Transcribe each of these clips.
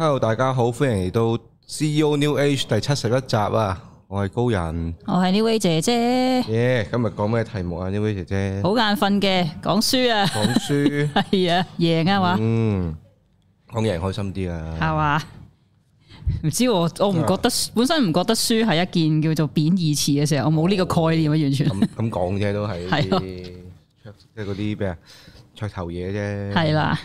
hello，大家好，歡迎嚟到 CEO New Age 第七十一集啊！我係高人，我係 New Age 姐姐。耶，yeah, 今日講咩題目啊 New Age 姐姐？好眼瞓嘅，講書啊，講書係啊，贏啊嘛，嗯，講贏開心啲啊，係嘛？唔知我，我唔覺得，啊、本身唔覺得書係一件叫做貶義詞嘅事，我冇呢個概念啊，完全咁講啫，都係係咯，啊、即係啲咩噱頭嘢啫，係啦、啊。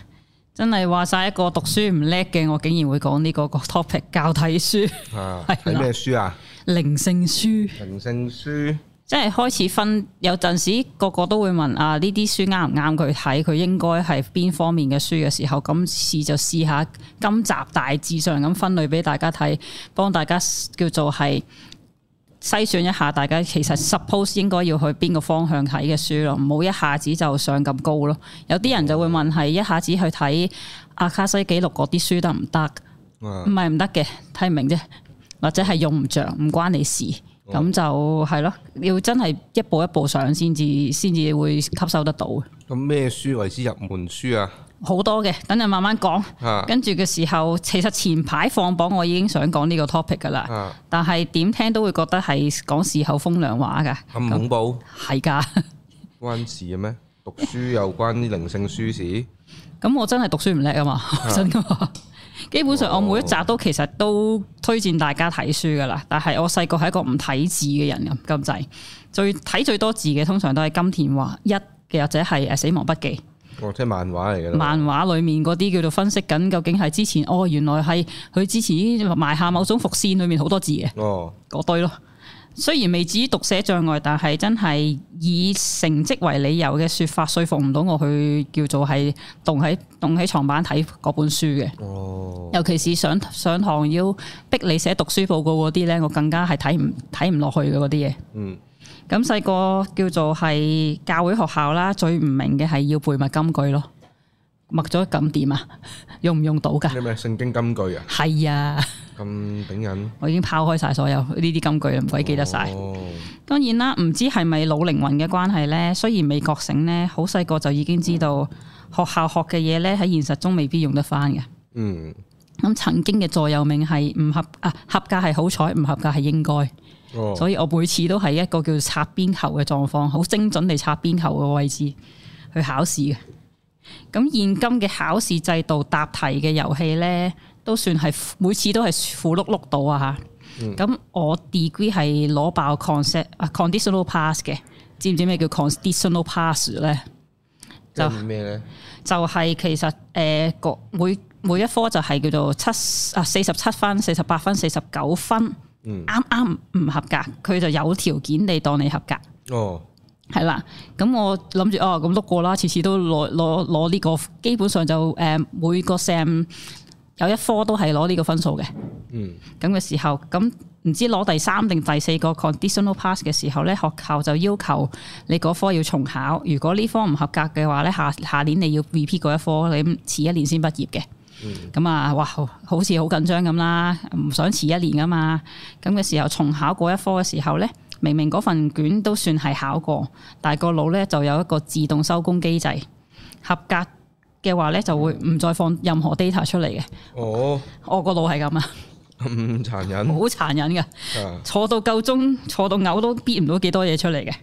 真係話晒一個讀書唔叻嘅，我竟然會講呢、這個個 topic 教睇書，係咩、啊、書啊？靈性書，靈性書，即係開始分。有陣時個個都會問啊，呢啲書啱唔啱佢睇？佢應該係邊方面嘅書嘅時候，今次就試下。今集大致上咁分類俾大家睇，幫大家叫做係篩選一下，大家其實 suppose 應該要去邊個方向睇嘅書咯，唔好一下子就上咁高咯。有啲人就會問係一下子去睇阿卡西記錄嗰啲書得唔得？唔係唔得嘅，睇唔明啫，或者係用唔着，唔關你事。咁、啊、就係咯，要真係一步一步上先至，先至會吸收得到。咁咩書為之入門書啊？好多嘅，等陣慢慢講。跟住嘅時候，其實前排放榜我已經想講呢個 topic 噶啦。啊、但係點聽都會覺得係講事後風涼話噶。咁恐怖？係噶的。關事嘅咩？ 讀書有關啲靈性書事？咁 我真係讀書唔叻啊嘛，真噶、啊。 基本上我每一集都其實都推薦大家睇書噶啦。但係我細個係一個唔睇字嘅人咁咁滯。最睇最多字嘅通常都係金田華一嘅或者係誒死亡筆記。我聽、哦、漫畫嚟嘅，漫畫裏面嗰啲叫做分析緊究竟係之前哦，原來係佢之前埋下某種伏線裏面好多字嘅哦，嗰堆咯。雖然未至於讀寫障礙，但係真係以成績為理由嘅說法說服唔到我去叫做係動喺動喺床板睇嗰本書嘅哦。尤其是上上堂要逼你寫讀書報告嗰啲咧，我更加係睇唔睇唔落去嘅嗰啲嘢嗯。咁細個叫做係教會學校啦，最唔明嘅係要背默金句咯，默咗咁點啊？ 用唔用到噶？你咩聖經金句啊？係是啊，咁頂癮。我已經拋開晒所有呢啲金句啦，唔鬼記得晒。哦、當然啦，唔知係咪老靈魂嘅關係呢？雖然未覺醒呢，好細個就已經知道學校學嘅嘢呢喺現實中未必用得翻嘅。嗯，咁曾經嘅座右銘係唔合啊，合格係好彩，唔合格係應該。所以，我每次都係一個叫做擦邊球嘅狀況，好精準地擦邊球嘅位置去考試嘅。咁現今嘅考試制度、答題嘅遊戲咧，都算係每次都係符碌碌到啊嚇。咁、嗯、我 degree 係攞爆 conce 啊 conditional pass 嘅，知唔知咩叫 conditional pass 咧？就咩咧？就係其實誒、呃，每每一科就係叫做七啊四十七分、四十八分、四十九分。啱啱唔合格，佢就有條件你當你合格。哦，係啦，咁我諗住哦，咁碌過啦，次次都攞攞攞呢個，基本上就誒、嗯、每個 sam 有一科都係攞呢個分數嘅。嗯，咁嘅時候，咁唔知攞第三定第四個 conditional pass 嘅時候咧，學校就要求你嗰科要重考。如果呢科唔合格嘅話咧，下下年你要 repeat 嗰一科，你咁遲一年先畢業嘅。咁啊，嗯、哇，好似好緊張咁啦，唔想遲一年噶嘛。咁嘅時候重考過一科嘅時候呢，明明嗰份卷都算係考過，但係個腦呢就有一個自動收工機制，合格嘅話呢就會唔再放任何 data 出嚟嘅。哦，我個腦係咁啊。咁殘、嗯、忍，好殘忍噶、啊，坐到夠鐘，坐到嘔都編唔到幾多嘢出嚟嘅。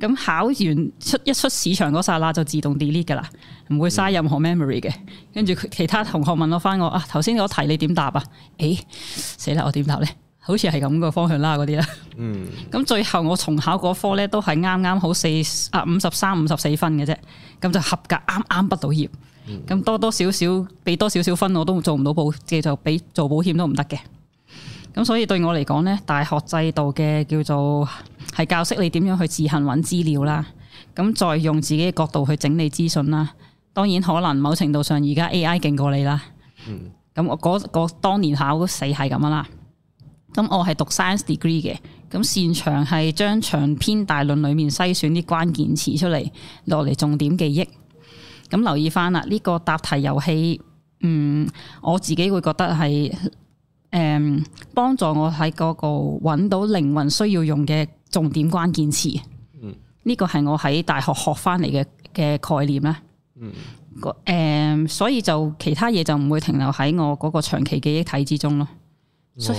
咁考完出一出市場嗰剎那就自動 delete 噶啦，唔會嘥任何 memory 嘅。跟住、嗯、其他同學問我翻我啊，頭先嗰題你點答啊？誒、欸，死啦，我點答咧？好似係咁個方向啦，嗰啲啦。咁最後我重考嗰科咧，都係啱啱好四啊五十三五十四分嘅啫，咁就合格啱啱畢到業。剛剛咁多多少少俾多，多少少分，我都做唔到保，嘅就俾做保險都唔得嘅。咁所以對我嚟講呢，大學制度嘅叫做係教識你點樣去自行揾資料啦。咁再用自己嘅角度去整理資訊啦。當然可能某程度上而家 AI 勁過你啦。咁、嗯、我嗰個當年考死係咁啊啦。咁我係讀 science degree 嘅，咁擅長係將長篇大論裡面篩選啲關鍵詞出嚟，落嚟重點記憶。咁留意翻啦，呢、這個答題遊戲，嗯，我自己會覺得係，誒、嗯，幫助我喺嗰個揾到靈魂需要用嘅重點關鍵詞。嗯，呢個係我喺大學學翻嚟嘅嘅概念啦。嗯，誒、嗯，所以就其他嘢就唔會停留喺我嗰個長期記憶體之中咯。哦哇，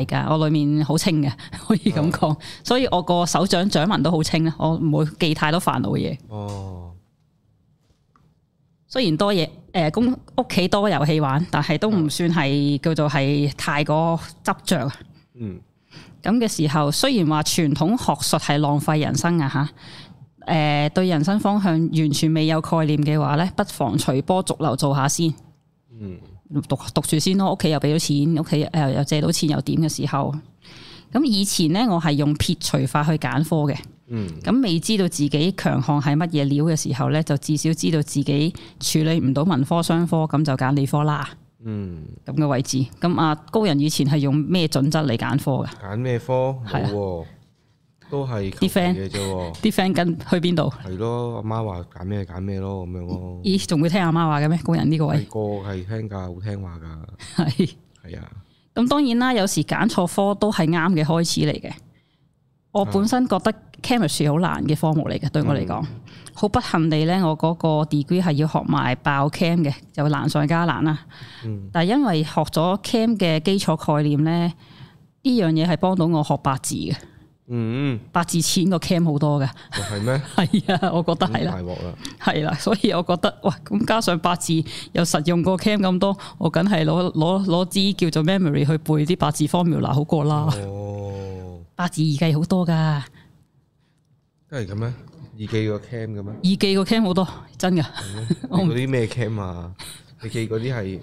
係噶，我裏面好清嘅，可以咁講，啊、所以我個手掌掌紋都好清啦。我唔會記太多煩惱嘢。哦。雖然多嘢，誒、呃，公屋企多遊戲玩，但係都唔算係、嗯、叫做係太過執着。嗯，咁嘅時候，雖然話傳統學術係浪費人生啊，吓，誒，對人生方向完全未有概念嘅話咧，不妨隨波逐流做下先。嗯，讀讀住先咯，屋企又俾咗錢，屋企誒又借到錢又點嘅時候，咁、嗯、以前咧我係用撇除法去揀科嘅。嗯，咁未知道自己強項係乜嘢料嘅時候咧，就至少知道自己處理唔到文科商科，咁就揀理科啦。嗯，咁嘅位置。咁阿高人以前係用咩準則嚟揀科嘅？揀咩科？係啊，都係啲 friend 嘅啫。啲 friend 跟去邊度？係咯，阿媽話揀咩揀咩咯，咁樣咯。咦，仲會聽阿媽話嘅咩？高人呢個位個係聽噶，好聽話噶。係係是啊。咁當然啦，有時揀錯科都係啱嘅開始嚟嘅。我本身覺得、啊。啊 Chemistry 好難嘅科目嚟嘅，對我嚟講，好、mm. 不幸地咧，我嗰個 degree 係要學埋爆 cam 嘅，就難上加難啦。Mm. 但係因為學咗 cam 嘅基礎概念咧，呢樣嘢係幫到我學八字嘅。嗯，mm. 八字淺過 cam 好多嘅。係咩嗎？係 啊，我覺得係啦、啊。係啦了，所以我覺得，哇！咁加上八字又實用過 cam 咁多，我梗係攞攞攞支叫做 memory 去背啲八字 Formula 好過啦。哦，八字易記好多噶 IDE。g lesia uti 係咁咩？二記個 cam 嘅咩？二記個 cam 好多，真㗎。嗰啲咩 cam 啊？你記嗰啲係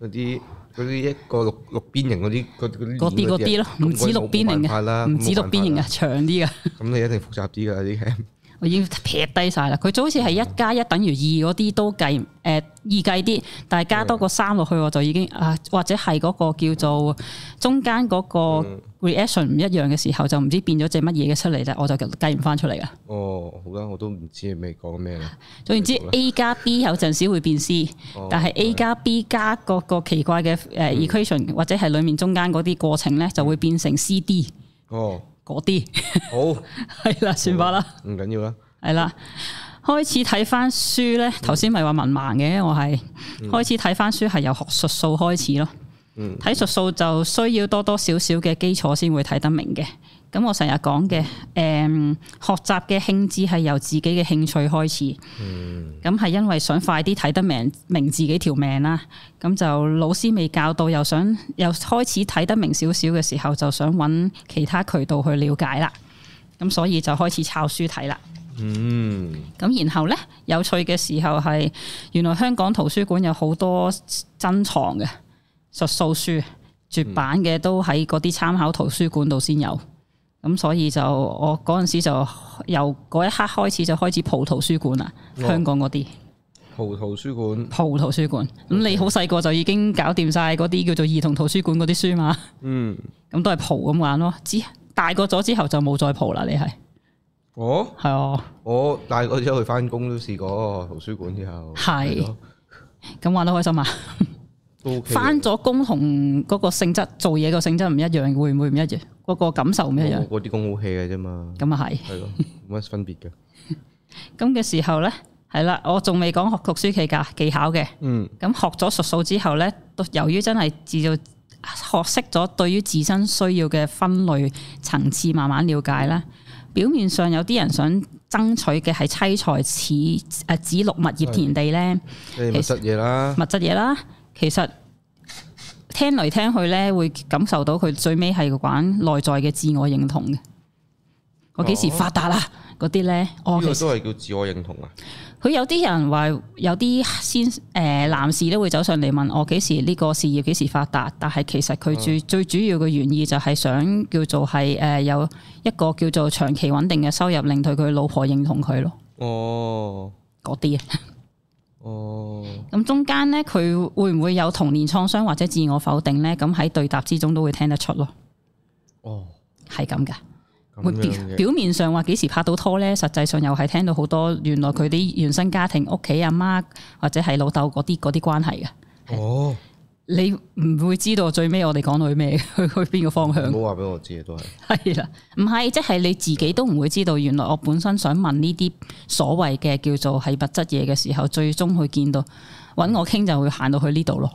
嗰啲嗰啲一個六六邊形嗰啲，嗰啲。嗰啲嗰啲咯，唔止六邊形嘅，唔止六邊形嘅，長啲㗎。咁你一定複雜啲噶啲 cam 我已經劈低晒啦，佢就好似係、呃、一加一等於二嗰啲都計，誒二計啲，但係加多個三落去我就已經啊，或者係嗰個叫做中間嗰、嗰個。嗯 reaction 唔一樣嘅時候就唔知變咗隻乜嘢嘅出嚟啦，我就計唔翻出嚟噶。哦，好啦，我都唔知係咪講咩啦。總言之，A 加 B 有陣時會變 C，、哦、但係 A 加 B 加嗰個奇怪嘅誒 equation、嗯、或者係裏面中間嗰啲過程咧，就會變成 C D。哦，嗰啲些好係 啦，算罷啦。唔緊要啦。係啦，開始睇翻書咧。頭先咪話文盲嘅，我係、嗯、開始睇翻書係由學術數開始咯。睇術數就需要多多少少嘅基礎先會睇得明嘅。咁我成日講嘅，誒、嗯，學習嘅興致係由自己嘅興趣開始。咁係、嗯、因為想快啲睇得明明自己條命啦。咁就老師未教到，又想又開始睇得明少少嘅時候，就想揾其他渠道去了解啦。咁所以就開始抄書睇啦。咁、嗯、然後呢，有趣嘅時候係原來香港圖書館有好多珍藏嘅。實數書絕版嘅都喺嗰啲參考圖書館度先有，咁所以就我嗰陣時就由嗰一刻開始就開始蒲圖書館啦，香港嗰啲、哦、蒲圖書館蒲圖書館，咁、嗯嗯、你好細個就已經搞掂晒嗰啲叫做兒童圖書館嗰啲書嘛，嗯，咁、嗯、都係蒲咁玩咯，之大個咗之後就冇再蒲啦，你係哦，係啊、哦，我大個咗去翻工都試過圖書館之後，係咁玩得開心啊！翻咗工同嗰個性質做嘢個性質唔一樣，會唔會唔一樣？嗰、嗰個感受唔一樣。嗰啲工好 hea 嘅啫嘛。咁啊係。係咯。冇乜分別嘅。咁嘅時候咧，係啦，我仲未講學讀書期嘅技巧嘅。嗯。咁學咗術數之後咧，都由於真係自就學識咗對於自身需要嘅分類層次慢慢了解啦。表面上有啲人想爭取嘅係妻財似誒子祿物業田地咧。嗯、實即物質嘢啦。物質嘢啦。其實。聽嚟聽去咧，會感受到佢最尾係玩內在嘅自我認同嘅。哦、我幾時發達啦？嗰啲咧，哦，其實都係叫自我認同啊。佢有啲人話，有啲先誒，男士都會走上嚟問我幾時呢、呢個事業幾時發達，但係其實佢最、哦、最主要嘅原意就係想叫做係誒有一個叫做長期穩定嘅收入，令到佢老婆認同佢咯。哦，嗰啲。哦，咁中間咧，佢會唔會有童年創傷或者自我否定咧？咁喺對答之中都會聽得出咯。哦，係咁噶。表表面上話幾時拍到拖咧，實際上又係聽到好多原來佢啲原生家庭屋企阿媽或者係老豆嗰啲嗰啲關係嘅。哦。你唔會知道最尾我哋講到去咩，去去邊個方向？唔好話畀我知都係。係啦，唔係即係你自己都唔會知道，原來我本身想問呢啲所謂嘅叫做係物質嘢嘅時候，最終去見到揾我傾就會行到去呢度咯。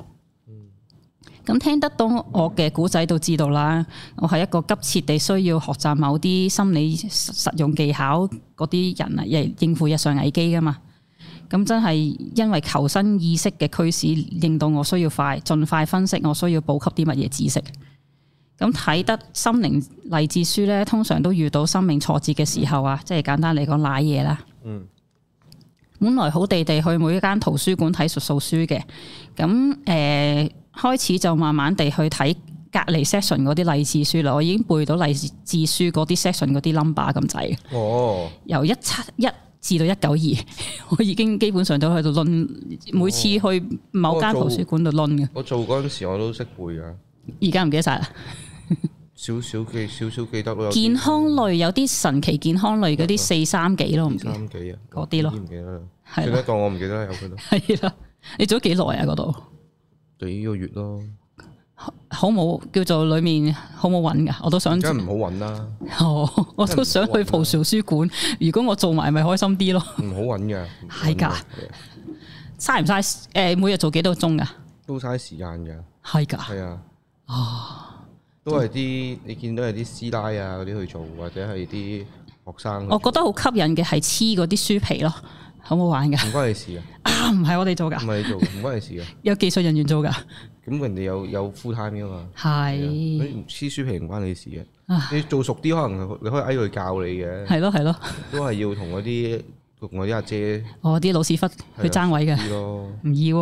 咁、嗯、聽得到我嘅古仔，都知道啦。我係一個急切地需要學習某啲心理實用技巧嗰啲人啊，嚟應付日常危機㗎嘛。咁真係因為求生意識嘅驅使，令到我需要快，盡快分析我需要補給啲乜嘢知識。咁睇得心靈勵志書咧，通常都遇到生命挫折嘅時候啊，即係簡單嚟講，賴嘢啦。嗯。本來好地地去每一間圖書館睇術數書嘅，咁誒、呃、開始就慢慢地去睇隔離 section 嗰啲勵志書啦。我已經背到勵志書嗰啲 section 嗰啲 number 咁滯。哦。由一七一，至到一九二，我已經基本上都喺度攆，哦、每次去某間圖書館度攆嘅。我做嗰陣時我都識背㗎。而家唔記得晒啦。少少記，少少記，記得咯。健康類有啲神奇健康類嗰啲四三幾咯，唔知三幾啊？嗰啲咯，係啦。我唔記得啦，有佢啦，你做咗幾耐啊？嗰度幾個月咯。好冇叫做裏面好冇揾噶，我都想真係唔好揾啦。哦，我都想去蒲圖書館。如果我做埋，咪開心啲咯。唔好揾噶，係噶。嘥唔嘥？誒，每日做幾多鐘噶？都嘥時間噶。係噶。係啊。哦。都係啲你見到係啲師奶啊嗰啲去做，或者係啲學生。我覺得好吸引嘅係黐嗰啲書皮咯。好好玩噶，唔關你事啊！唔係我哋做噶，唔係你做，唔關你事啊！有技術人員做噶，咁人哋有有 full time 啊嘛，係黐書皮唔關你事嘅，你做熟啲，可能你可以嗌佢教你嘅，係咯係咯，都係要同嗰啲同嗰啲阿姐，哦啲老屎忽，去爭位嘅，唔易，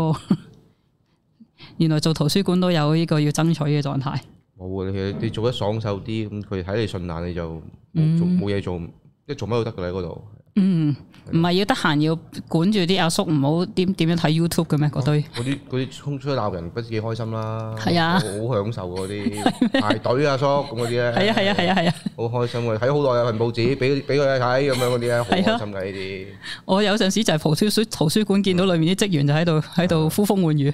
原來做圖書館都有呢個要爭取嘅狀態。冇啊，你做得爽手啲，咁佢睇你順眼，你就冇冇嘢做，一做乜都得㗎喺嗰度。嗯，唔係要得閒要管住啲阿叔唔好點點樣睇 YouTube 嘅咩？嗰堆嗰啲嗰啲衝出嚟鬧人不知幾開心啦，係啊，好享受嗰啲排隊阿叔咁嗰啲咧，係啊係啊係啊，好開心嘅，睇好耐有份報紙俾俾佢睇咁樣嗰啲咧，好開心噶呢啲。我有陣時就係圖書書圖書館見到裏面啲職員就喺度喺度呼風喚雨，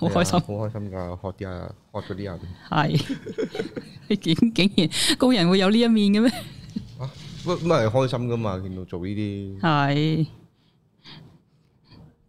好開心，好開心噶，學啲啊學咗啲啊，係，竟竟然高人會有呢一面嘅咩？乜乜係開心噶嘛，見到做呢啲。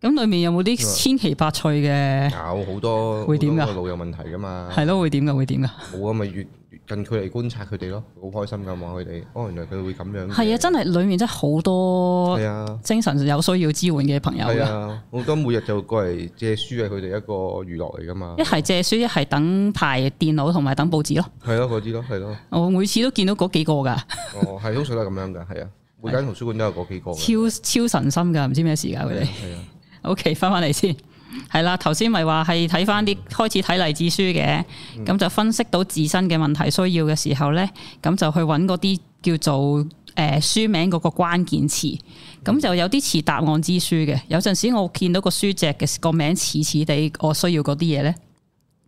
咁裏面有冇啲千奇百趣嘅？搞好多會點噶？個腦有問題噶嘛？係咯，會點噶？會點噶？冇啊咪越，越近距離觀察佢哋咯，好開心噶嘛！佢哋哦，原來佢會咁樣。係啊，真係裏面真係好多精神有需要支援嘅朋友。係啊，我今每日就過嚟借書係佢哋一個娛樂嚟噶嘛。一係借書，一係等排電腦，同埋等報紙咯。係咯，嗰啲咯，係咯。我每次都見到嗰幾個噶。哦，係通常都係咁樣噶，係啊。 每間圖書館都有嗰幾個。超超神心噶，唔知咩時間佢哋。的 OK，翻翻嚟先，係啦，頭先咪話係睇翻啲開始睇勵志書嘅，咁、嗯、就分析到自身嘅問題需要嘅時候咧，咁就去揾嗰啲叫做誒、呃、書名嗰個關鍵詞，咁就有啲似答案之書嘅，有陣時我見到個書脊嘅個名似似地，我需要嗰啲嘢咧，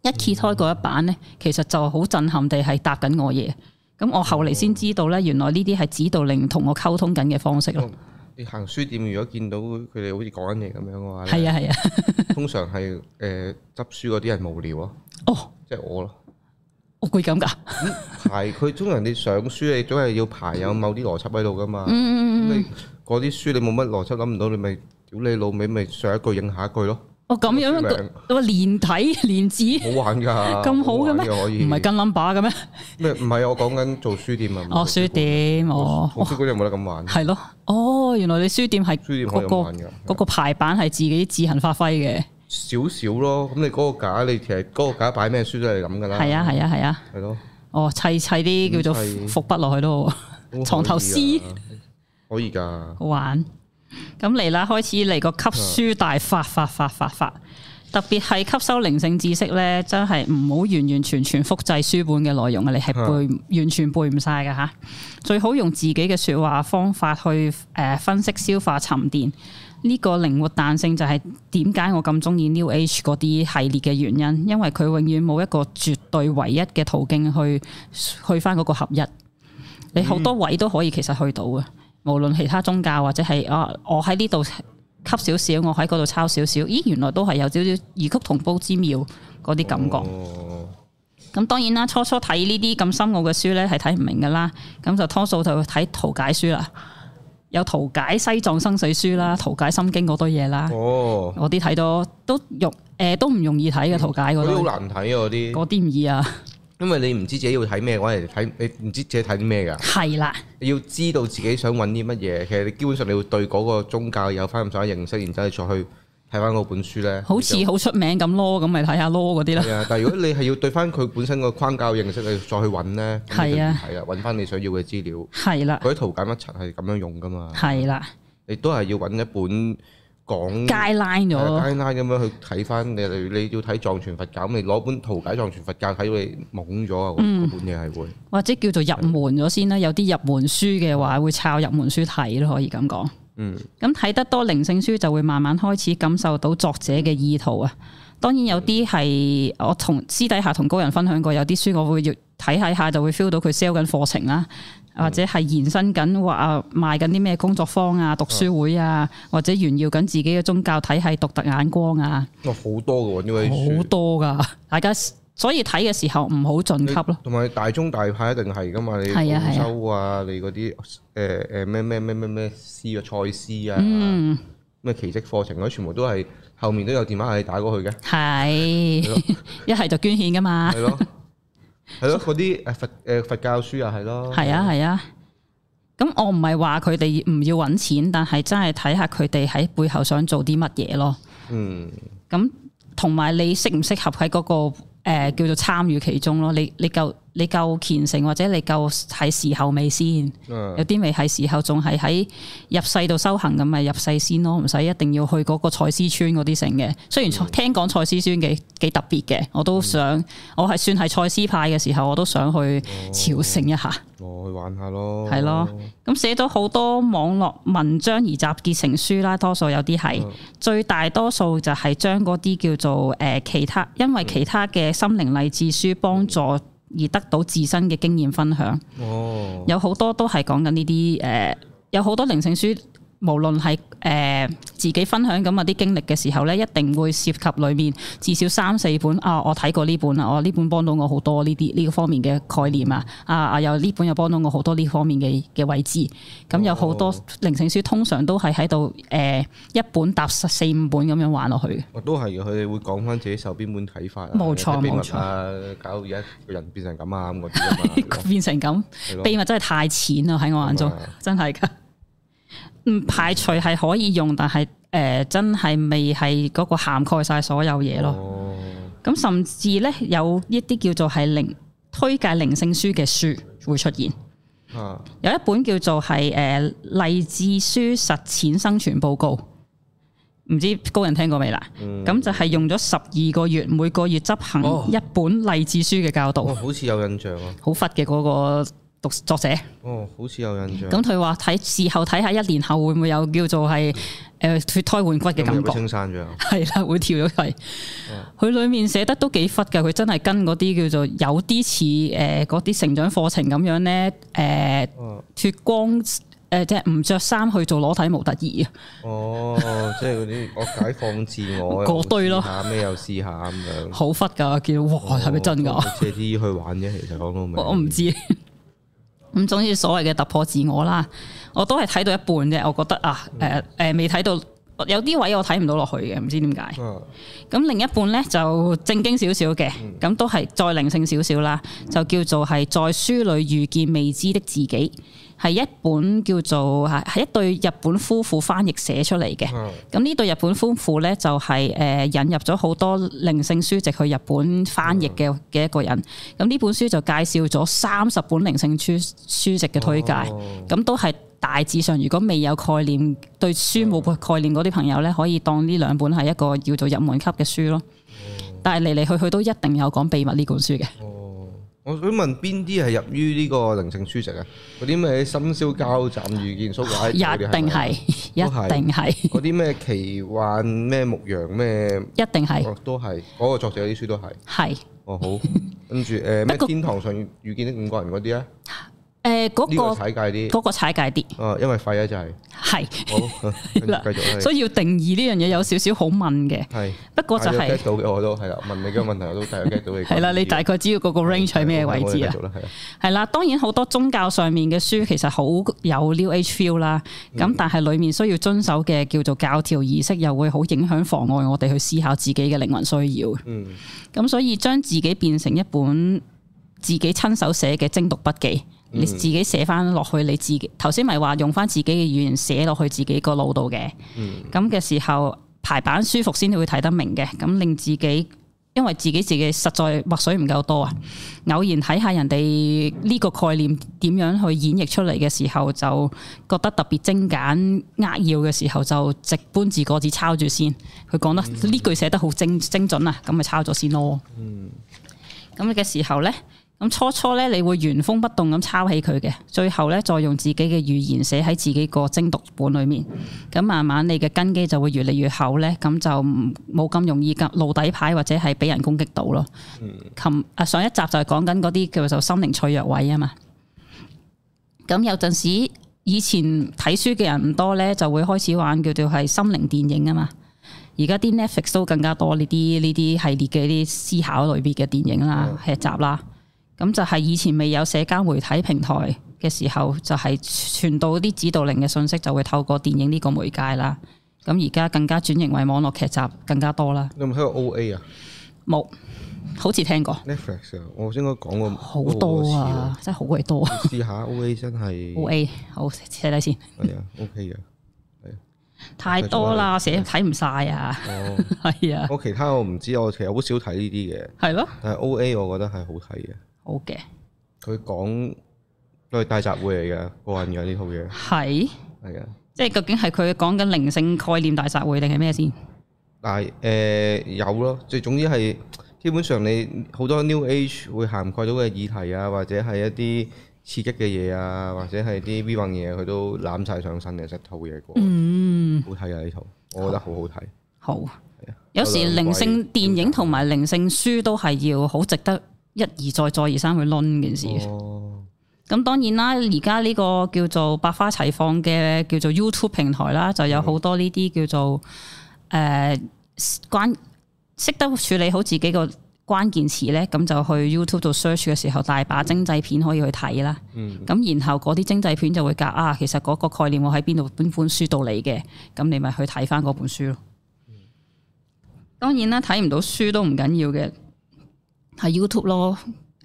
一揭開嗰一版咧，嗯、其實就好震撼地係答緊我嘢，咁我後嚟先知道咧，原來呢啲係指導靈同我溝通緊嘅方式咯。嗯你行書店如果見到佢哋好似講緊嘢咁樣嘅話咧，係啊係啊，啊 通常係誒、呃、執書嗰啲人無聊啊，哦、oh，即係我咯，我會咁㗎？ 排佢，通常你上書，你總係要排有某啲邏輯喺度㗎嘛，嗯嗯嗯，你嗰啲書你冇乜邏輯諗唔到，你咪屌你老味咪上一句影下一句咯。哦，咁樣，我、嗰個、連體連字，玩好玩噶，咁好嘅咩？唔係跟 number 嘅咩？咩唔係？我講緊做書店啊。 哦，書店，哦，書店又冇得咁玩。係、哦、咯，哦，原來你書店係、嗰個、書店可以嗰、嗰個排版係自己自行發揮嘅，少少咯。咁你嗰個架，你其實嗰個架擺咩書都係咁噶啦。係啊，係啊，係啊。係咯。哦，砌砌啲叫做伏筆落去咯，床頭詩可以噶、啊，好玩。 咁嚟啦，開始嚟個吸書大法，法法法法，特別係吸收靈性知識咧，真係唔好完完全全複製書本嘅內容啊！你係背完全背唔晒噶吓，最好用自己嘅說話方法去誒分析消化沉澱呢個靈活彈性就係點解我咁中意 New Age 嗰啲系列嘅原因，因為佢永遠冇一個絕對唯一嘅途徑去去翻嗰個合一，你好多位都可以其實去到嘅。無論其他宗教或者係啊，我喺呢度吸少少，我喺嗰度抄少少，咦，原來都係有少少異曲同工之妙嗰啲感覺。咁、哦、當然啦，初初睇呢啲咁深奧嘅書咧，係睇唔明㗎啦。咁就多數就會睇圖解書啦，有圖解西藏生死書啦，圖解心經嗰堆嘢啦。哦，我啲睇到都容誒，都唔、呃、容易睇嘅圖解嗰啲好難睇啊！嗰啲嗰啲唔易啊。因為你唔知自己要睇咩，搵嚟睇，你唔知自己睇啲咩噶。係啦的，你要知道自己想揾啲乜嘢，其實你基本上你會對嗰個宗教有翻咁多認識，然之後再去睇翻嗰本書咧。好似像好就出名咁咯，咁咪睇下咯嗰啲咯。係啊，但係如果你係要對翻佢本身個框架認識，你再去揾咧，係啊的，係啊，揾翻你想要嘅資料。係啦的，嗰啲圖解一層係咁樣用噶嘛？係啦的，你都係要揾一本。講街 line 咗街 line 咁樣去睇翻，你例如你要睇藏傳佛教，咁你攞本圖解藏傳佛教睇到你懵咗啊，嗰、嗯、本嘢係會，或者叫做入門咗先啦，有啲入門書嘅話會抄入門書睇咯，可以咁講。嗯，咁睇得多靈性書就會慢慢開始感受到作者嘅意圖啊。當然有啲係我同私底下同高人分享過，有啲書我會要睇下下就會 feel 到佢 sell 緊課程啦。或者係延伸緊，話賣緊啲咩工作坊啊、讀書會啊，或者炫耀緊自己嘅宗教體系獨特眼光啊，好多噶，呢位好多噶，大家所以睇嘅時候唔好進級咯。同埋大中大派一定係噶嘛，你廣州啊，你嗰啲誒誒咩咩咩咩咩師啊、蔡師啊，咩、呃啊嗯、奇蹟課程嗰、啊、全部都係後面都有電話係你打過去嘅，係一係就捐獻噶嘛。係囉。係咯，嗰啲誒佛誒佛教書又係咯，係啊係啊。咁、啊、我唔係話佢哋唔要揾錢，但係真係睇下佢哋喺背後想做啲乜嘢咯。嗯，咁同埋你適唔適合喺嗰、嗰個誒、呃、叫做參與其中咯？你你夠。你夠虔誠，或者你夠係時候未先？嗯、有啲未係時候，仲係喺入世度修行咁，咪入世先咯，唔使一定要去嗰個蔡思村賽斯村嗰啲城嘅。雖然聽講賽斯村幾幾特別嘅，我都想，嗯、我係算係賽斯派嘅時候，我都想去朝聖一下。我、哦、去玩下咯。係咯，咁寫咗好多網絡文章而集結成書啦，多數有啲係，嗯、最大多數就係將嗰啲叫做誒、呃、其他，因為其他嘅心靈勵志書幫助、嗯。而得到自身嘅經驗分享，Oh. 有，有好多都係講緊呢啲誒，有好多靈性書。無論係誒自己分享咁啊啲經歷嘅時候咧，一定會涉及裏面至少三四本啊！我睇過呢本啦，我呢本幫到我好多呢啲呢個方面嘅概念啊啊啊！有呢本又幫到我好多呢方面嘅嘅位置，咁有好多靈性書、哦、通常都係喺度誒一本搭十四五本咁樣玩落去。我、嗯、都係佢哋會講翻自己受邊本睇法。冇錯冇錯啊！錯搞而家人變成咁啊，啊啊變成咁咯秘密真係太淺啦、啊！喺我眼中真係噶。唔排除係可以用，但係誒、呃、真係未係嗰個涵蓋晒所有嘢咯。咁、哦、甚至咧有一啲叫做係零推介靈性書嘅書會出現。啊、有一本叫做係誒《勵志書實踐生存報告》，唔知高人聽過未啦？咁、嗯、就係用咗十二個月，每個月執行一本勵志書嘅教導。哦哦、好似有印象啊！好忽嘅嗰個。作者哦，好似有印象。咁佢話睇事後睇下一年後會唔會有叫做係誒脱胎換骨嘅感覺，嗯、有有清山咗係啦，會跳咗佢。佢、哦、裏面寫得都幾忽噶，佢真係跟嗰啲叫做有啲似誒嗰啲成長課程咁樣咧誒脱光誒、呃、即係唔着衫去做裸體模特兒啊！哦，即係嗰啲我解放自我嗰堆咯， 試下咩又試下咁樣，好忽噶，叫，哇，係咪真噶？借啲去玩啫，其實講到明，我唔知。咁總之所謂嘅突破自我啦，我都係睇到一半啫，我覺得啊，誒、呃、誒，未、呃、睇到有啲位我睇唔到落去嘅，唔知點解。咁另一半呢，就正經少少嘅，咁都係再靈性少少啦，就叫做係在書裏遇見未知的自己。係一本叫做嚇，係一對日本夫婦翻譯寫出嚟嘅。咁呢、嗯、對日本夫婦咧就係誒引入咗好多靈性書籍去日本翻譯嘅嘅一個人。咁呢、嗯、本書就介紹咗三十本靈性書書籍嘅推介。咁、哦、都係大致上，如果未有概念，對書冇概念嗰啲朋友咧，可以當呢兩本係一個叫做入門級嘅書咯。嗯、但係嚟嚟去去都一定有講秘密呢本書嘅。我想問邊啲係入於呢個靈性書籍啊？嗰啲咩深宵交站遇見蘇凱嗰啲係，一定係，一定係。啲咩奇幻咩牧羊咩，一定係，都係嗰、嗰個作者啲書都係。係是。哦，好，跟住誒咩天堂上遇見五個人嗰啲咧？誒，嗰個嗰個踩界啲，因為快啊，就係係啦，繼續，所以要定義呢樣嘢有少少好問嘅，係，不過就係到嘅我都係啦，問你嘅問題我都大概係啦，你大概知道嗰個 range 喺咩位置啊？係啦，當然好多宗教上面嘅書其實好有 New Age feel 啦，咁但係裏面需要遵守嘅叫做教條儀式，又會好影響妨礙我哋去思考自己嘅靈魂需要，嗯，咁所以將自己變成一本自己親手寫嘅精讀筆記。你自己寫翻落去，你自己頭先咪話用翻自己嘅語言寫落去自己個腦度嘅，咁嘅、嗯、時候排版舒服先會睇得明嘅，咁令自己因為自己自己實在墨水唔夠多啊，偶然睇下人哋呢個概念點樣去演繹出嚟嘅時候，就覺得特別精簡扼要嘅時候，就直搬字個字抄住先。佢講得呢、嗯、句寫得好精精準啊，咁咪抄咗先咯。嗯，咁嘅、嗯、時候咧。咁初初咧，你會原封不動咁抄起佢嘅，最後咧再用自己嘅語言寫喺自己個精讀本裏面。咁慢慢你嘅根基就會越嚟越厚咧，咁就冇咁容易咁露底牌或者係俾人攻擊到咯。咁啊，上一集就係講緊嗰啲叫做心靈脆弱位啊嘛。咁有陣時以前睇書嘅人唔多咧，就會開始玩叫做係心靈電影啊嘛。而家啲 Netflix 都更加多呢啲呢啲系列嘅呢啲思考類別嘅電影啦、劇集啦。咁就係以前未有社交媒體平台嘅時候，就係傳到啲指導令嘅信息，就會透過電影呢個媒介啦。咁而家更加轉型為網絡劇集，更加多啦。你有冇睇過 O A 啊？冇，好似聽過。Netflix 啊，我先應該講過好多啊，真係好鬼多。你試下 O A 真係 O A，好睇睇先。係啊，OK 啊，太多啦，寫睇唔晒啊，係啊。我其他我唔知，我其實好少睇呢啲嘢。係咯。但係 O A 我覺得係好睇嘅。好嘅，佢講都係大雜燴嚟嘅，個人嘅呢套嘢係係啊，是的即係究竟係佢講緊靈性概念大雜燴定係咩先？但係，誒、呃、有咯，即係總之係基本上你好多 New Age 會涵蓋到嘅議題啊，或者係一啲刺激嘅嘢啊，或者係啲 V One 嘢，佢都攬晒上身嘅，識套嘢過，嗯，好睇啊呢套，好我覺得好好睇，好的有時靈性電影同埋靈性書都係要好值得。一而再再而三去攆呢件事，咁當然啦。而家呢個叫做百花齊放嘅叫做 YouTube 平台啦，就有好多呢啲叫做誒關識得處理好自己個關鍵詞咧，咁就去 YouTube 度 search 嘅時候，大把精製片可以去睇啦。咁然後嗰啲精製片就會教啊，其實嗰個概念我喺邊度邊本書到你嘅，咁你咪去睇翻嗰本書咯。當然啦，睇唔到書都唔緊要嘅。係 YouTube 咯，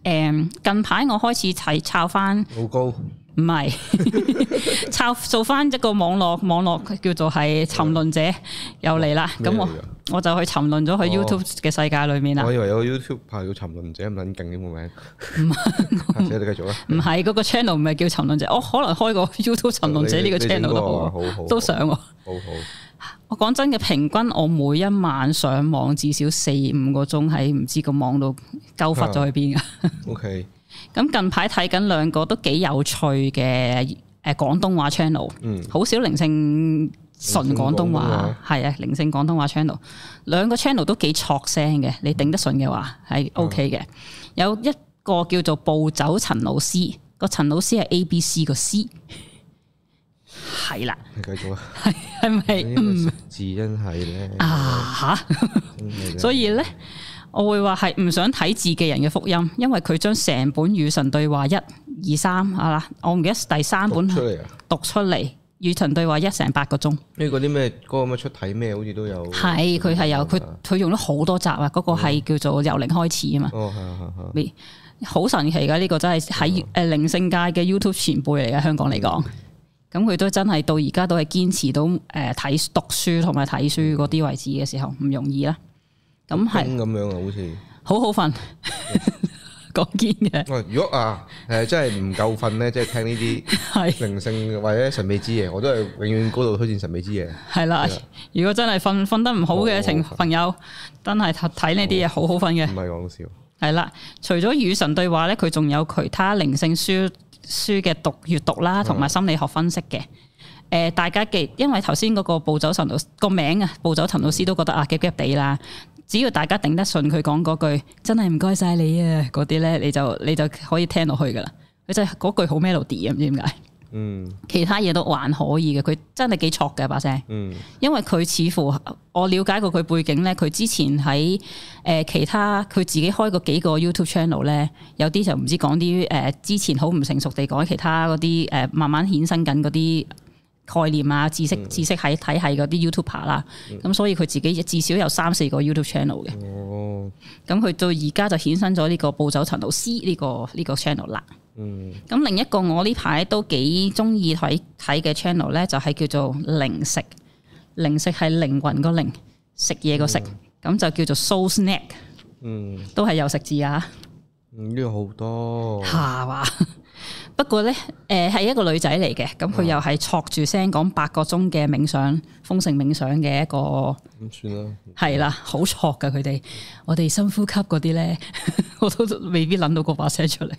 誒，近排我開始睇抄翻，好高，唔係抄做翻一個網絡網絡叫做係沉淪者、嗯、又嚟啦，咁什麼 我、啊、我，我就沉去沉淪咗去 YouTube 嘅世界裏面啦。我以為有個 YouTube 派要沉淪者》咁撚勁嘅名，唔，你繼 我續啦，唔係嗰個 channel 唔係叫沉淪者，我、哦、可能開 you 個 YouTube 沉淪者呢個 channel 都好，都想，好好。好好好好。我講真嘅，平均我每一晚上網至少四五個鐘喺唔知個網度鳩發咗去邊㗎。O K。咁近排睇緊兩個都幾有趣嘅誒，廣東話 channel，好、嗯、少靈性純廣東話，係啊、嗯，靈性廣東話 channel。兩個 channel 都幾挫聲嘅，你頂得順嘅話係 O K 嘅。有一個叫做暴走陳老師，個陳老師係 A B C 個 C。係啦，係係咪字音係咧？啊吓，所以咧，我會話係唔想睇字嘅人嘅福音，因為佢將成本與神對話一、二、三係嘛，我唔記得第三本出嚟啊，讀出嚟與神對話一成八個鐘。呢個啲咩？嗰、嗰個咩出體咩？好似都有，係佢係有佢佢用咗好多集、嗰個哦哦、啊！嗰個係叫做由零開始啊嘛。哦，係啊係係好神奇噶！呢、呢個真係喺誒靈性界嘅 YouTube 前輩嚟嘅，香港嚟講。咁佢都真係到而家都係堅持到誒睇，讀書同埋睇書嗰啲位置嘅時候唔容易啦。咁係咁樣啊，好似好好瞓，講堅嘅。哦，如果啊誒真係唔夠瞓咧，即係聽呢啲係靈性或者神秘之嘢，我都係永遠嗰度推薦神秘之嘢。係啦，如果真係瞓瞓得唔好嘅情朋友，真係睇睇呢啲嘢，好好瞓嘅。唔係講笑。係啦，除咗與神對話咧，佢仲有其他靈性書。書嘅讀閱讀啦，同埋心理學分析嘅，誒、嗯呃，大家記，因為頭先嗰個暴走陳老師個名啊，暴走陳老師都覺得啊，夾夾哋啦，只要大家頂得順佢講嗰句，真係唔該晒你啊，嗰啲咧，你就你就可以聽落去噶啦，佢就係嗰句好 melody 啊，唔知點解。嗯，其他嘢都還可以嘅，佢真係幾挫嘅把聲。嗯，因為佢似乎我了解過佢背景咧，佢之前喺誒其他佢自己開過幾個 YouTube channel 咧，有啲就唔知講啲誒之前好唔成熟地講其他嗰啲誒慢慢衍生緊嗰啲概念啊知識知識喺體系嗰啲 YouTuber 啦、嗯，咁所以佢自己至少有三四個 YouTube channel 嘅。哦，咁佢到而家就衍生咗呢個暴走陳老師呢個呢、呢個 channel 啦。嗯，咁另一個我呢排都幾中意睇睇嘅 channel 咧，就係叫做零食。零食係靈魂個靈，食嘢個食，咁、嗯、就叫做 Soul Snack。嗯，都係有食字啊。呢、嗯這個好多。吓哇！不過咧，誒係一個女仔嚟嘅，咁佢又係坐住聲講八個鐘嘅冥想，豐盛冥想嘅一個。咁、嗯、算啦。係啦，好坐噶佢哋，我哋深呼吸嗰啲咧， 我都未必諗到嗰把聲出嚟。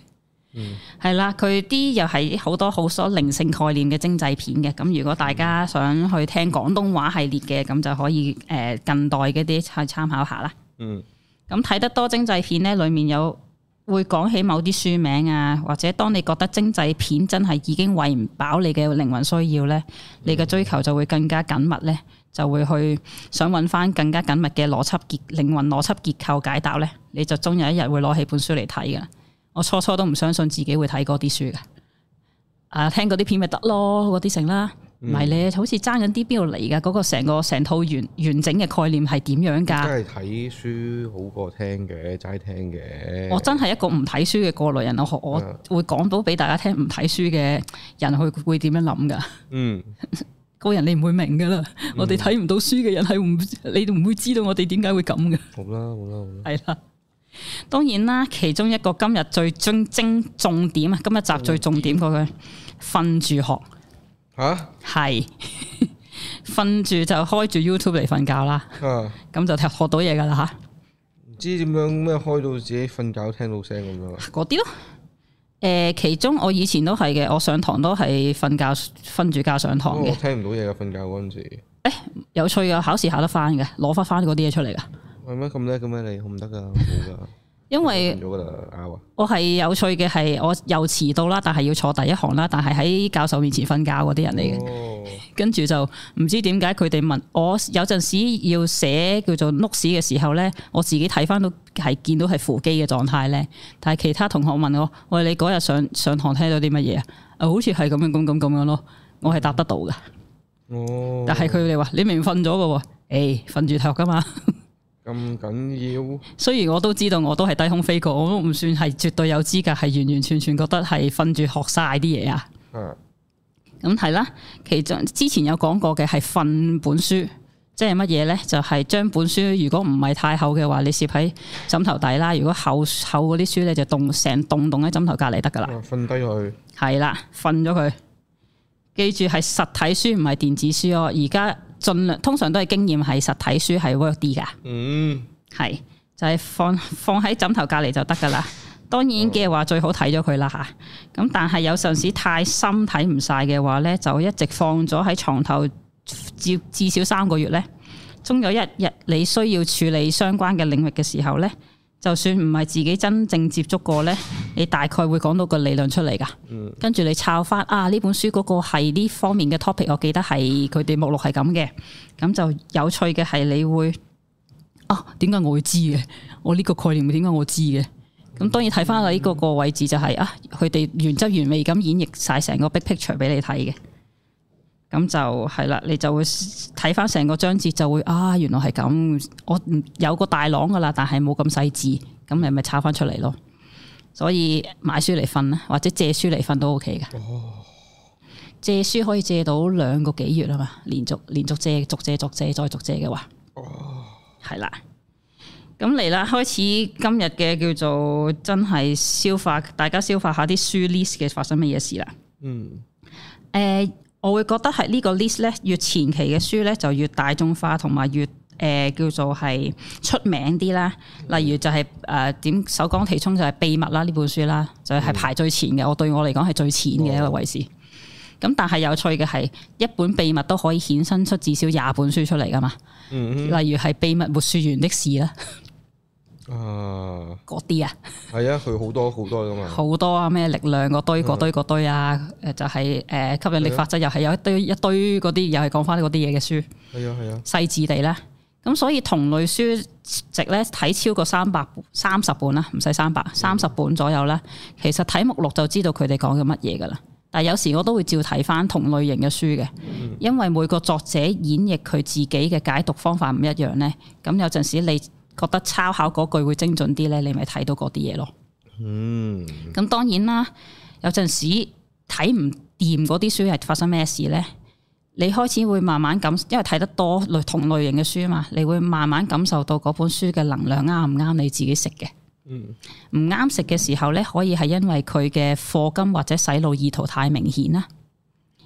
嗯，係啦，佢啲又係好多好多靈性概念嘅經濟片嘅，咁如果大家想去聽廣東話系列嘅，咁就可以誒、呃、近代嗰啲去參考下啦。嗯，咁睇得多經濟片咧，裏面有會講起某啲書名啊，或者當你覺得經濟片真係已經喂唔飽你嘅靈魂需要咧，你嘅追求就會更加緊密咧，就會去想搵翻更加緊密嘅邏輯結靈魂邏輯結構解答咧，你就終有一日會攞起本書嚟睇嘅啦。我初初都唔相信自己會睇嗰啲書噶，啊聽嗰啲片咪得咯，嗰啲成啦，唔係你好似爭緊啲邊度嚟噶？嗰、嗰個成個成套完完整嘅概念係點樣噶？真係睇書好過聽嘅，齋聽嘅。我真係一個唔睇書嘅過來人，我我會講到俾大家聽，唔睇書嘅人去會點樣諗噶？嗯， 個人你唔會明噶啦，嗯、我哋睇唔到書嘅人係唔你唔會知道我哋點解會咁嘅。好啦好啦好啦，係啦。當然啦，其中一個今日最精精重點啊，今日集最重點嗰個，瞓住學吓？係瞓住就開住 YouTube 嚟瞓覺啦，咁、啊、就學到嘢噶啦吓，唔、啊、知點樣咩開到自己瞓覺聽到聲咁樣，嗰啲咯，誒、呃，其中我以前都係嘅，我上堂都係瞓覺瞓住覺上堂嘅，聽唔到嘢嘅瞓覺嗰陣時，誒，有趣嘅，考試考得翻嘅，攞翻翻嗰啲嘢出嚟噶。為乜咁叻咁咩你？我唔得噶， 因為我係有趣嘅係，我又遲到啦，但係要坐第一行啦，但係喺教授面前瞓覺嗰啲人嚟嘅。跟住、哦、就唔知點解佢哋問我有，有陣時要寫叫做 notes 嘅時候咧，我自己睇翻到係見到係扶機嘅狀態咧。但係其他同學問我，喂，你嗰日上上堂聽到啲乜嘢啊？好似係咁樣咁咁咁樣咯。我係答得到嘅。哦。但係佢哋話你明明瞓咗嘅喎，誒、欸，瞓住頭噶嘛。 咁緊要？雖然我都知道，我都係低空飛過，我都唔算係絕對有資格，係完完全全覺得係瞓住學晒啲嘢啊。咁係啦。其中之前有講過嘅係瞓本書，即係乜嘢呢？就係、是、將本書如果唔係太厚嘅話，你攝喺枕頭底啦。如果厚厚嗰啲書咧，就戙成戙戙喺枕頭隔籬得噶啦。瞓低佢。係啦，瞓咗佢。記住係實體書唔係電子書哦。而家。儘量通常都係經驗，係實體書係 work 啲噶。嗯，係就係放放喺枕頭隔離就得噶啦。當然嘅話最好睇咗佢啦嚇。咁但係有陣時太深睇唔晒嘅話咧，就一直放咗喺床頭，至至少三個月咧，終有一日你需要處理相關嘅領域嘅時候咧。就算唔係自己真正接觸過咧，你大概會講到個理論出嚟噶。跟住你抄翻啊，呢本書嗰個係呢方面嘅 topic，我記得係佢哋目錄係咁嘅。咁就有趣嘅係你會，啊，點解我會知嘅？我呢個概念點解我會知嘅？咁當然睇翻呢嗰個位置就係、是、啊，佢哋原汁原味咁演繹晒成個 big picture 俾你睇嘅。咁就係啦，你就會睇翻成個章節，就會啊，原來係咁，我有個大朗噶啦，但係冇咁細緻，咁你咪查翻出嚟咯。所以買書嚟瞓啦，或者借書嚟瞓都 OK 嘅。哦，借書可以借到兩個幾月啊嘛，連續連續借，續借續借再續借嘅話。哦，係啦。咁嚟啦，開始今日嘅叫做真係消化，大家消化下啲書 list 嘅發生乜嘢事啦。嗯。誒、呃。我會覺得係呢個 list 咧，越前期嘅書咧就越大眾化同埋越誒、呃、叫做係出名啲啦。例如就係誒點首當其衝就係、是《秘密》啦，呢本書啦就係、是、排最前嘅。嗯、我對我嚟講係最淺嘅一個位置。咁、哦、但係有趣嘅係一本秘密都可以衍生出至少廿本書出嚟噶嘛。嗯、例如係《秘密沒說完的事》啦。嗯 啊！嗰啲啊，係啊，佢好多好多噶嘛，好多啊，咩力量個堆個、嗯、堆個堆啊，誒，就係、是、誒吸引力法則又係有一堆的一堆嗰啲又係講翻嗰啲嘢嘅書，係啊，係啊，細致地啦。咁所以同類書籍咧睇超過三百三十本啦，唔使三百三十本左右啦，嗯、其實睇目錄就知道佢哋講緊乜嘢噶啦。但係有時我都會照睇翻同類型嘅書嘅，因為每個作者演繹佢自己嘅解讀方法唔一樣咧，咁有陣時你。覺得抄考嗰句會精準啲咧，你咪睇到嗰啲嘢咯。嗯，咁當然啦，有陣時睇唔掂嗰啲書係發生咩事咧？你開始會慢慢感，因為睇得多類同類型嘅書嘛，你會慢慢感受到嗰本書嘅能量啱唔啱你自己食嘅。嗯，唔啱食嘅時候咧，可以係因為佢嘅課金或者洗腦意圖太明顯啦。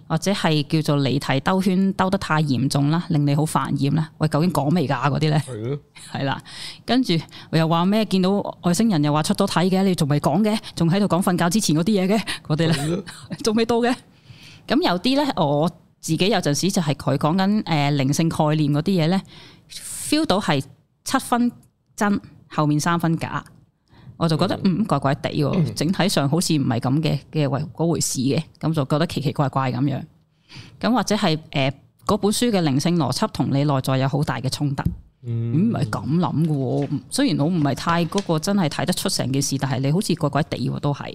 或者係叫做離題兜圈兜得太嚴重啦，令你好煩厭啦。喂，究竟講未㗎嗰啲咧？係咯，係啦是的。 跟住我又話咩？見到外星人又話出咗體嘅，你仲未講嘅，仲喺度講瞓覺之前嗰啲嘢嘅嗰啲咧，仲未是的 到嘅。咁是的 有啲咧，我自己有陣時就係佢講緊誒靈性概念嗰啲嘢咧，feel 到係七分真，後面三分假。我就覺得嗯怪怪地喎，整體上好似唔係咁嘅嘅回事嘅，咁就覺得奇奇怪怪咁樣。咁或者係誒嗰本書嘅靈性邏輯同你內在有好大嘅衝突，唔係咁諗嘅。雖然我唔係太嗰個真係睇得出成件事，但係你好似怪怪地都係。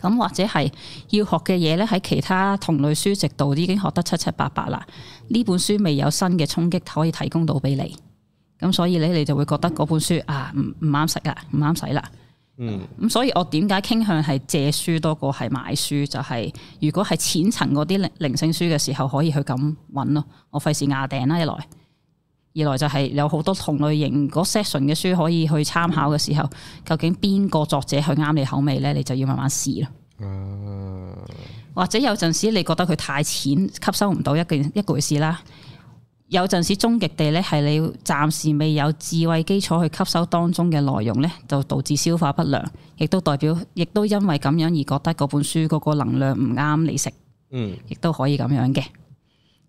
咁或者係要學嘅嘢咧，喺其他同類書籍度已經學得七七八八啦。呢本書未有新嘅衝擊可以提供到俾你。咁所以咧，你就會覺得嗰本書啊，唔唔啱食啦，唔啱使啦。嗯。咁所以，我點解傾向係借書多過係買書？就係、是、如果係淺層嗰啲靈性書嘅時候，可以去咁揾咯。我費事壓訂啦，一來。二來就係有好多同類型嗰個 Session 嘅書可以去參考嘅時候，究竟邊個作者去啱你口味咧？你就要慢慢試咯。啊、或者有陣時你覺得佢太淺，吸收唔到一件一個事啦。有陣時，終極地咧，係你暫時未有智慧基礎去吸收當中嘅內容咧，就導致消化不良，亦都代表，亦都因為咁樣而覺得嗰本書嗰個能量唔啱你食，嗯，亦都可以咁樣嘅。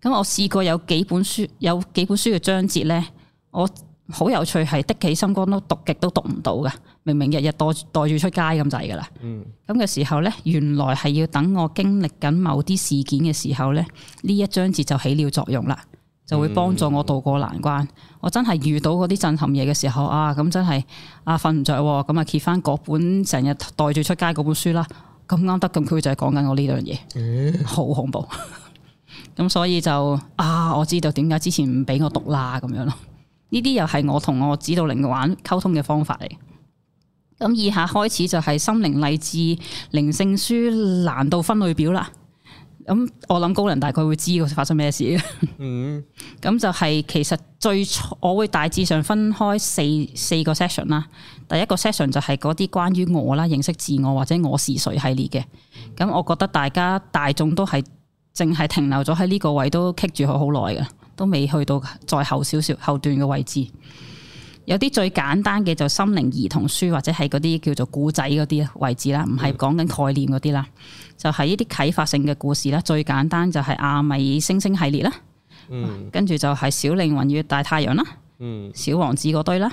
咁我試過有幾本書，有幾本書嘅章節咧，我好有趣係的起心肝都讀極都讀唔到噶，明明日日袋住袋住出街咁滯噶啦，咁嘅、嗯、時候咧，原來係要等我經歷緊某啲事件嘅時候咧，呢一章節就起了作用啦。就會幫助我渡過難關。嗯、我真係遇到嗰啲震撼嘢嘅時候啊，咁真係啊瞓唔着喎，咁啊揭翻嗰本成日袋住出街嗰本書啦。咁啱得咁佢就係講緊我呢樣嘢，嗯、好恐怖。咁 所以就啊，我知道點解之前唔俾我讀啦，咁樣咯。呢啲又係我同我指導靈玩溝通嘅方法嚟。咁以下開始就係《心靈勵志靈性書難度分類表》啦。咁我諗高人大概會知發生咩事嘅、mm，咁、hmm. 就係其實最初我會大致上分開四四個 session 啦。第一個 session 就係嗰啲關於我啦，認識自我或者我是誰系列嘅。咁、mm hmm. 我覺得大家大眾都係淨係停留咗喺呢個位都棘住佢好耐嘅，都未去到再後少少後段嘅位置。有啲最簡單嘅就心靈兒童書或者係嗰啲叫做古仔嗰啲位置啦，唔係講緊概念嗰啲啦。Mm hmm. 就係呢啲啟發性嘅故事啦，最簡單就係阿米星星系列啦，嗯，跟住就係小靈魂與大太陽啦，嗯，小王子嗰堆啦，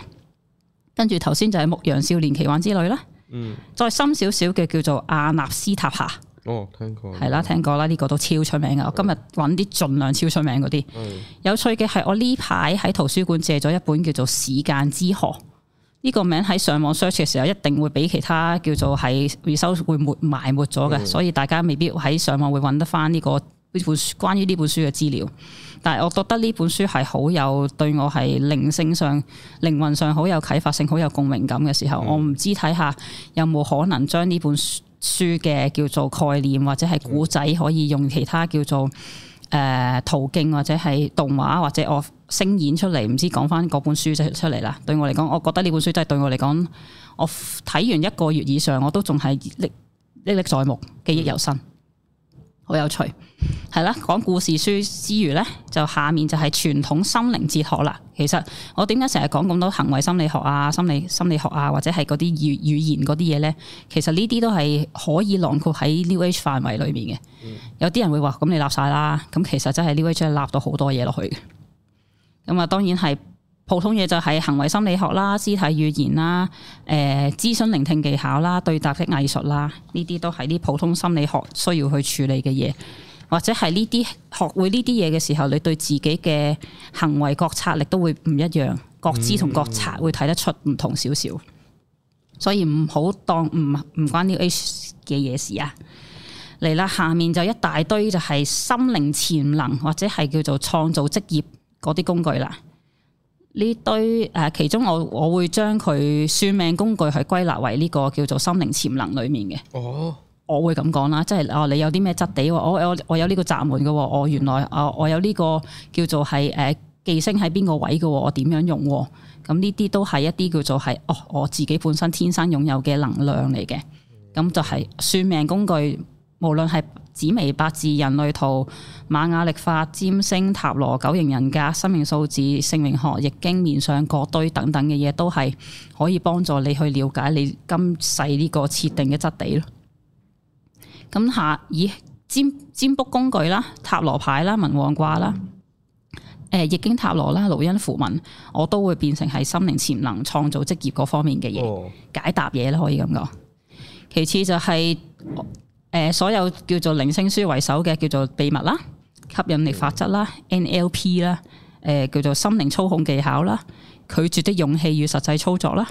跟住頭先就係牧羊少年奇幻之旅啦，嗯，再深少少嘅叫做阿納斯塔夏，哦，聽過，係啦，聽過啦，呢、這個都超出名㗎，我今日揾啲盡量超出名嗰啲，嗯、有趣嘅係我呢排喺圖書館借咗一本叫做時間之河。呢個名喺上網 search 嘅時候，一定會畀其他叫做係回收會埋沒咗嘅，嗯、所以大家未必喺上網會揾得翻呢個呢本書關於呢本書嘅資料。但係我覺得呢本書係好有對我係靈性上、靈魂上好有啟發性、好有共鳴感嘅時候，嗯、我唔知睇下有冇可能將呢本書嘅叫做概念或者係古仔可以用其他叫做。誒、呃、途徑或者係動畫或者我聲演出嚟，唔知講返嗰本書就出嚟啦。對我嚟講，我覺得呢本書真係對我嚟講，我睇完一個月以上，我都仲係歷歷歷在目有，記憶猶新。好有趣，係啦，講故事書之餘呢，就下面就係傳統心靈哲學啦。其實我點解成日講咁多行為心理學啊、心理心理學啊，或者係嗰啲語語言嗰啲嘢呢？其實呢啲都係可以囊括喺 New Age 範圍裏面嘅。有啲人會話咁你立晒啦，咁其實真係 New Age 真係立到好多嘢落去嘅。咁啊，當然係。普通嘢就係行為心理學啦、肢體語言啦、誒諮詢聆聽技巧啦、對答式藝術啦，呢啲都係啲普通心理學需要去處理嘅嘢，或者係呢啲學會呢啲嘢嘅時候，你對自己嘅行為覺察力都會唔一樣，覺知同覺察會睇得出唔同少少，嗯、所以唔好當唔唔關 New Age 嘅嘢事啊！嚟啦，下面就一大堆就係心靈潛能或者係叫做創造職業嗰啲工具啦。呢堆誒其中我我會將佢算命工具去歸納為呢個叫做心靈潛能裡面嘅、哦哦。哦，我會咁講啦，即係哦你有啲咩質地喎？我我、哦哦、我有呢個閘門嘅喎？我原來啊我有呢個叫做係誒、呃、技星喺邊個位嘅喎？我點樣用？咁呢啲都係一啲叫做係哦我自己本身天生擁有嘅能量嚟嘅。咁就係算命工具。無論係紫微八字、人類圖、瑪雅曆法、占星塔羅、九型人格、生命數字、姓名學、易經、面上各堆等等嘅嘢，都係可以幫助你去了解你今世呢個設定嘅質地咯。咁下以占占卜工具啦、塔羅牌啦、文王卦啦、誒易經塔羅啦、盧恩符文，我都會變成係心靈潛能、創造職業嗰方面嘅嘢、哦、解答嘢咯，可以咁講。其次就係、是。誒，所有叫做靈性書為首嘅叫做秘密啦，吸引力法則啦，NLP 啦，誒、呃、叫做心靈操控技巧啦，拒絕的勇氣與實際操作啦，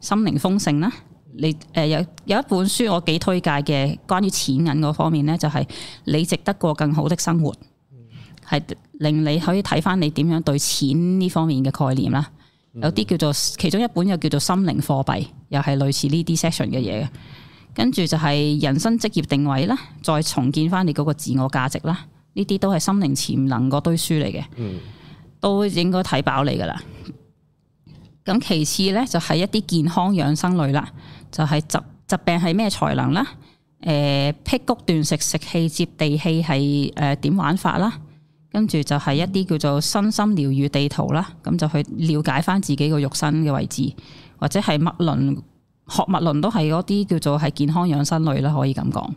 心靈豐盛啦，你誒、呃、有有一本書我幾推介嘅，關於錢銀嗰方面咧就係、是、你值得過更好的生活，係令你可以睇返你點樣對錢呢方面嘅概念啦，有啲叫做其中一本又叫做心靈貨幣，又係類似呢啲 section 嘅嘢嘅。跟住就係人生職業定位啦，再重建翻你嗰個自我價值啦，呢啲都係心靈潛能嗰堆書嚟嘅，都應該睇飽你噶啦。咁其次咧就係一啲健康養生類啦，就係、是、疾疾病係咩才能啦？誒、呃，辟谷斷食食氣接地氣係誒點玩法啦？跟住就係一啲叫做身心療愈地圖啦，咁就去了解翻自己個肉身嘅位置，或者係脈輪？學物論都係嗰啲叫做係健康養生類啦，可以咁講。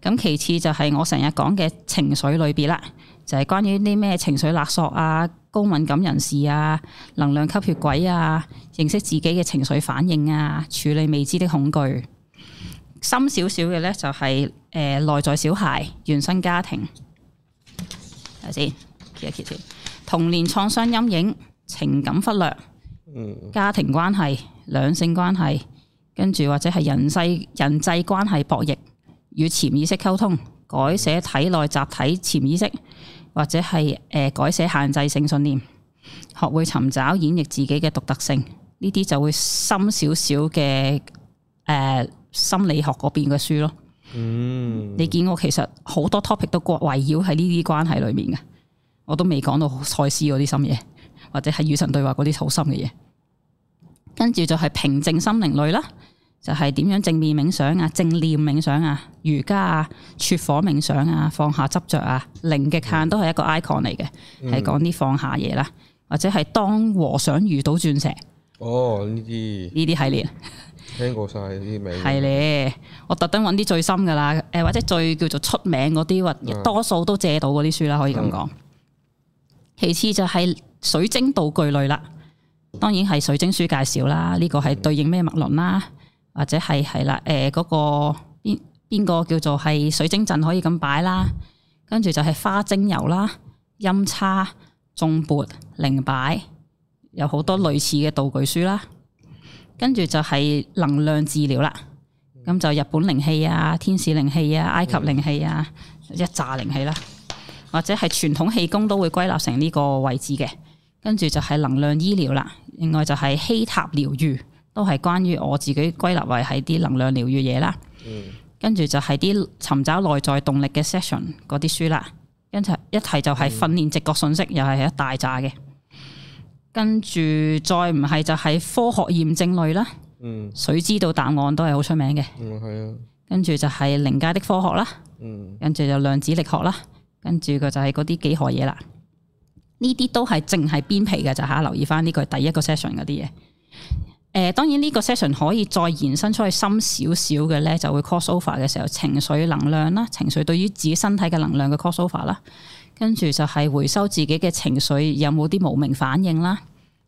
咁其次就係我成日講嘅情緒類別啦，就係、是、關於啲咩情緒勒索啊、高敏感人士啊、能量吸血鬼啊、認識自己嘅情緒反應啊、處理未知的恐懼。深少少嘅咧就係誒內在小孩、原生家庭，係咪先？揭一揭先，童年創傷陰影、情感忽略。家庭關係、兩性關係，跟住或者係人事、人際關係博弈，與潛意識溝通、改寫體內集體潛意識，或者係誒、呃、改寫限制性信念，學會尋找演繹自己嘅獨特性，呢啲就會深少少嘅誒心理學嗰邊嘅書咯。嗯、你見我其實好多 topic 都過圍繞喺呢啲關係裏面嘅，我都未講到賽斯嗰啲深嘢，或者係與神對話嗰啲好深嘅嘢。跟住就係平靜心靈類啦，就係、是、點樣正面冥想啊、正念冥想啊、瑜伽啊、淬火冥想啊、放下執着啊、零極限都係一個 icon 嚟嘅，係講啲放下嘢啦，或者係當和尚遇到鑽石。哦，呢啲呢啲系列聽過晒啲名係咧， 我特登揾啲最深噶啦，誒或者最叫做出名嗰啲或多數都借到嗰啲書啦，可以咁講。嗯、其次就係水晶道具類啦。當然係水晶書介紹啦，呢、這個係對應咩脈輪啦，或者係係啦，誒、呃、嗰、那個邊邊個叫做係水晶陣可以咁擺啦，跟住就係花精油啦、音叉、頌缽、靈擺，有好多類似嘅道具書啦，跟住就係能量治療啦，咁就日本靈氣啊、天使靈氣啊、埃及靈氣啊、一炸靈氣啦，或者係傳統氣功都會歸納成呢個位置嘅。跟住就係能量醫療啦，另外就係希塔療愈，都係關於我自己歸納為係啲能量療愈嘢啦。跟住、嗯、就係啲尋找內在動力嘅 session 嗰啲書啦。跟住一提就係訓練直覺信息，又係、嗯、一大扎嘅。跟住再唔係就係科學驗證類啦。嗯，水知道答案都係好出名嘅。嗯，係啊。跟住就係靈界的科學啦。嗯。跟住就量子力學啦，跟住佢就係嗰啲幾何嘢啦。呢啲都係淨係邊皮嘅就吓，留意翻呢個第一個 session 嗰啲嘢。誒、呃，當然呢個 session 可以再延伸出去深少少嘅咧，就會 cross over 嘅時候情緒能量啦，情緒對於自己身體嘅能量嘅 cross over 啦，跟住就係回收自己嘅情緒有冇啲無名反應啦，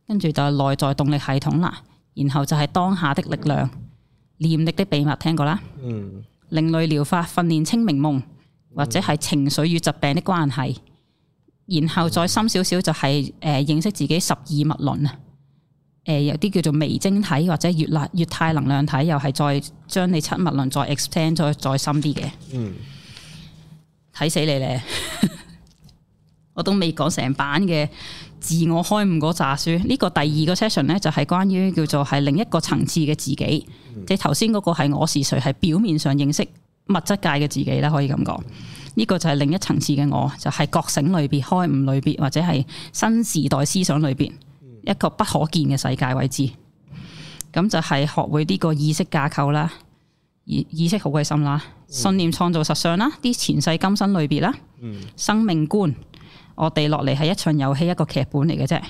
跟住就係內在動力系統啦，然後就係當下的力量、念力的秘密聽過啦，嗯、另類療法、訓練清明夢或者係情緒與疾病的關係。然後再深少少就係、是、誒、呃、認識自己十二物輪啊，誒、呃、有啲叫做微晶體或者越納月太能量體，又係再將你七物輪再 extend 再再深啲嘅。嗯，睇死你咧， 我都未講成版嘅自我開悟嗰扎書。呢、這個第二個 session 咧就係關於叫做係另一個層次嘅自己。即係頭先嗰個係我是誰係表面上認識物質界嘅自己啦，可以咁講。呢個就係另一層次嘅我，就係、是、覺醒類別、開悟類別，或者係新時代思想類別，一個不可見嘅世界位置。咁就係學會呢個意識架構啦，意意識好鬼深啦，信念創造實相啦，啲前世今生類別啦，生命觀，我哋落嚟係一場遊戲，一個劇本嚟嘅啫。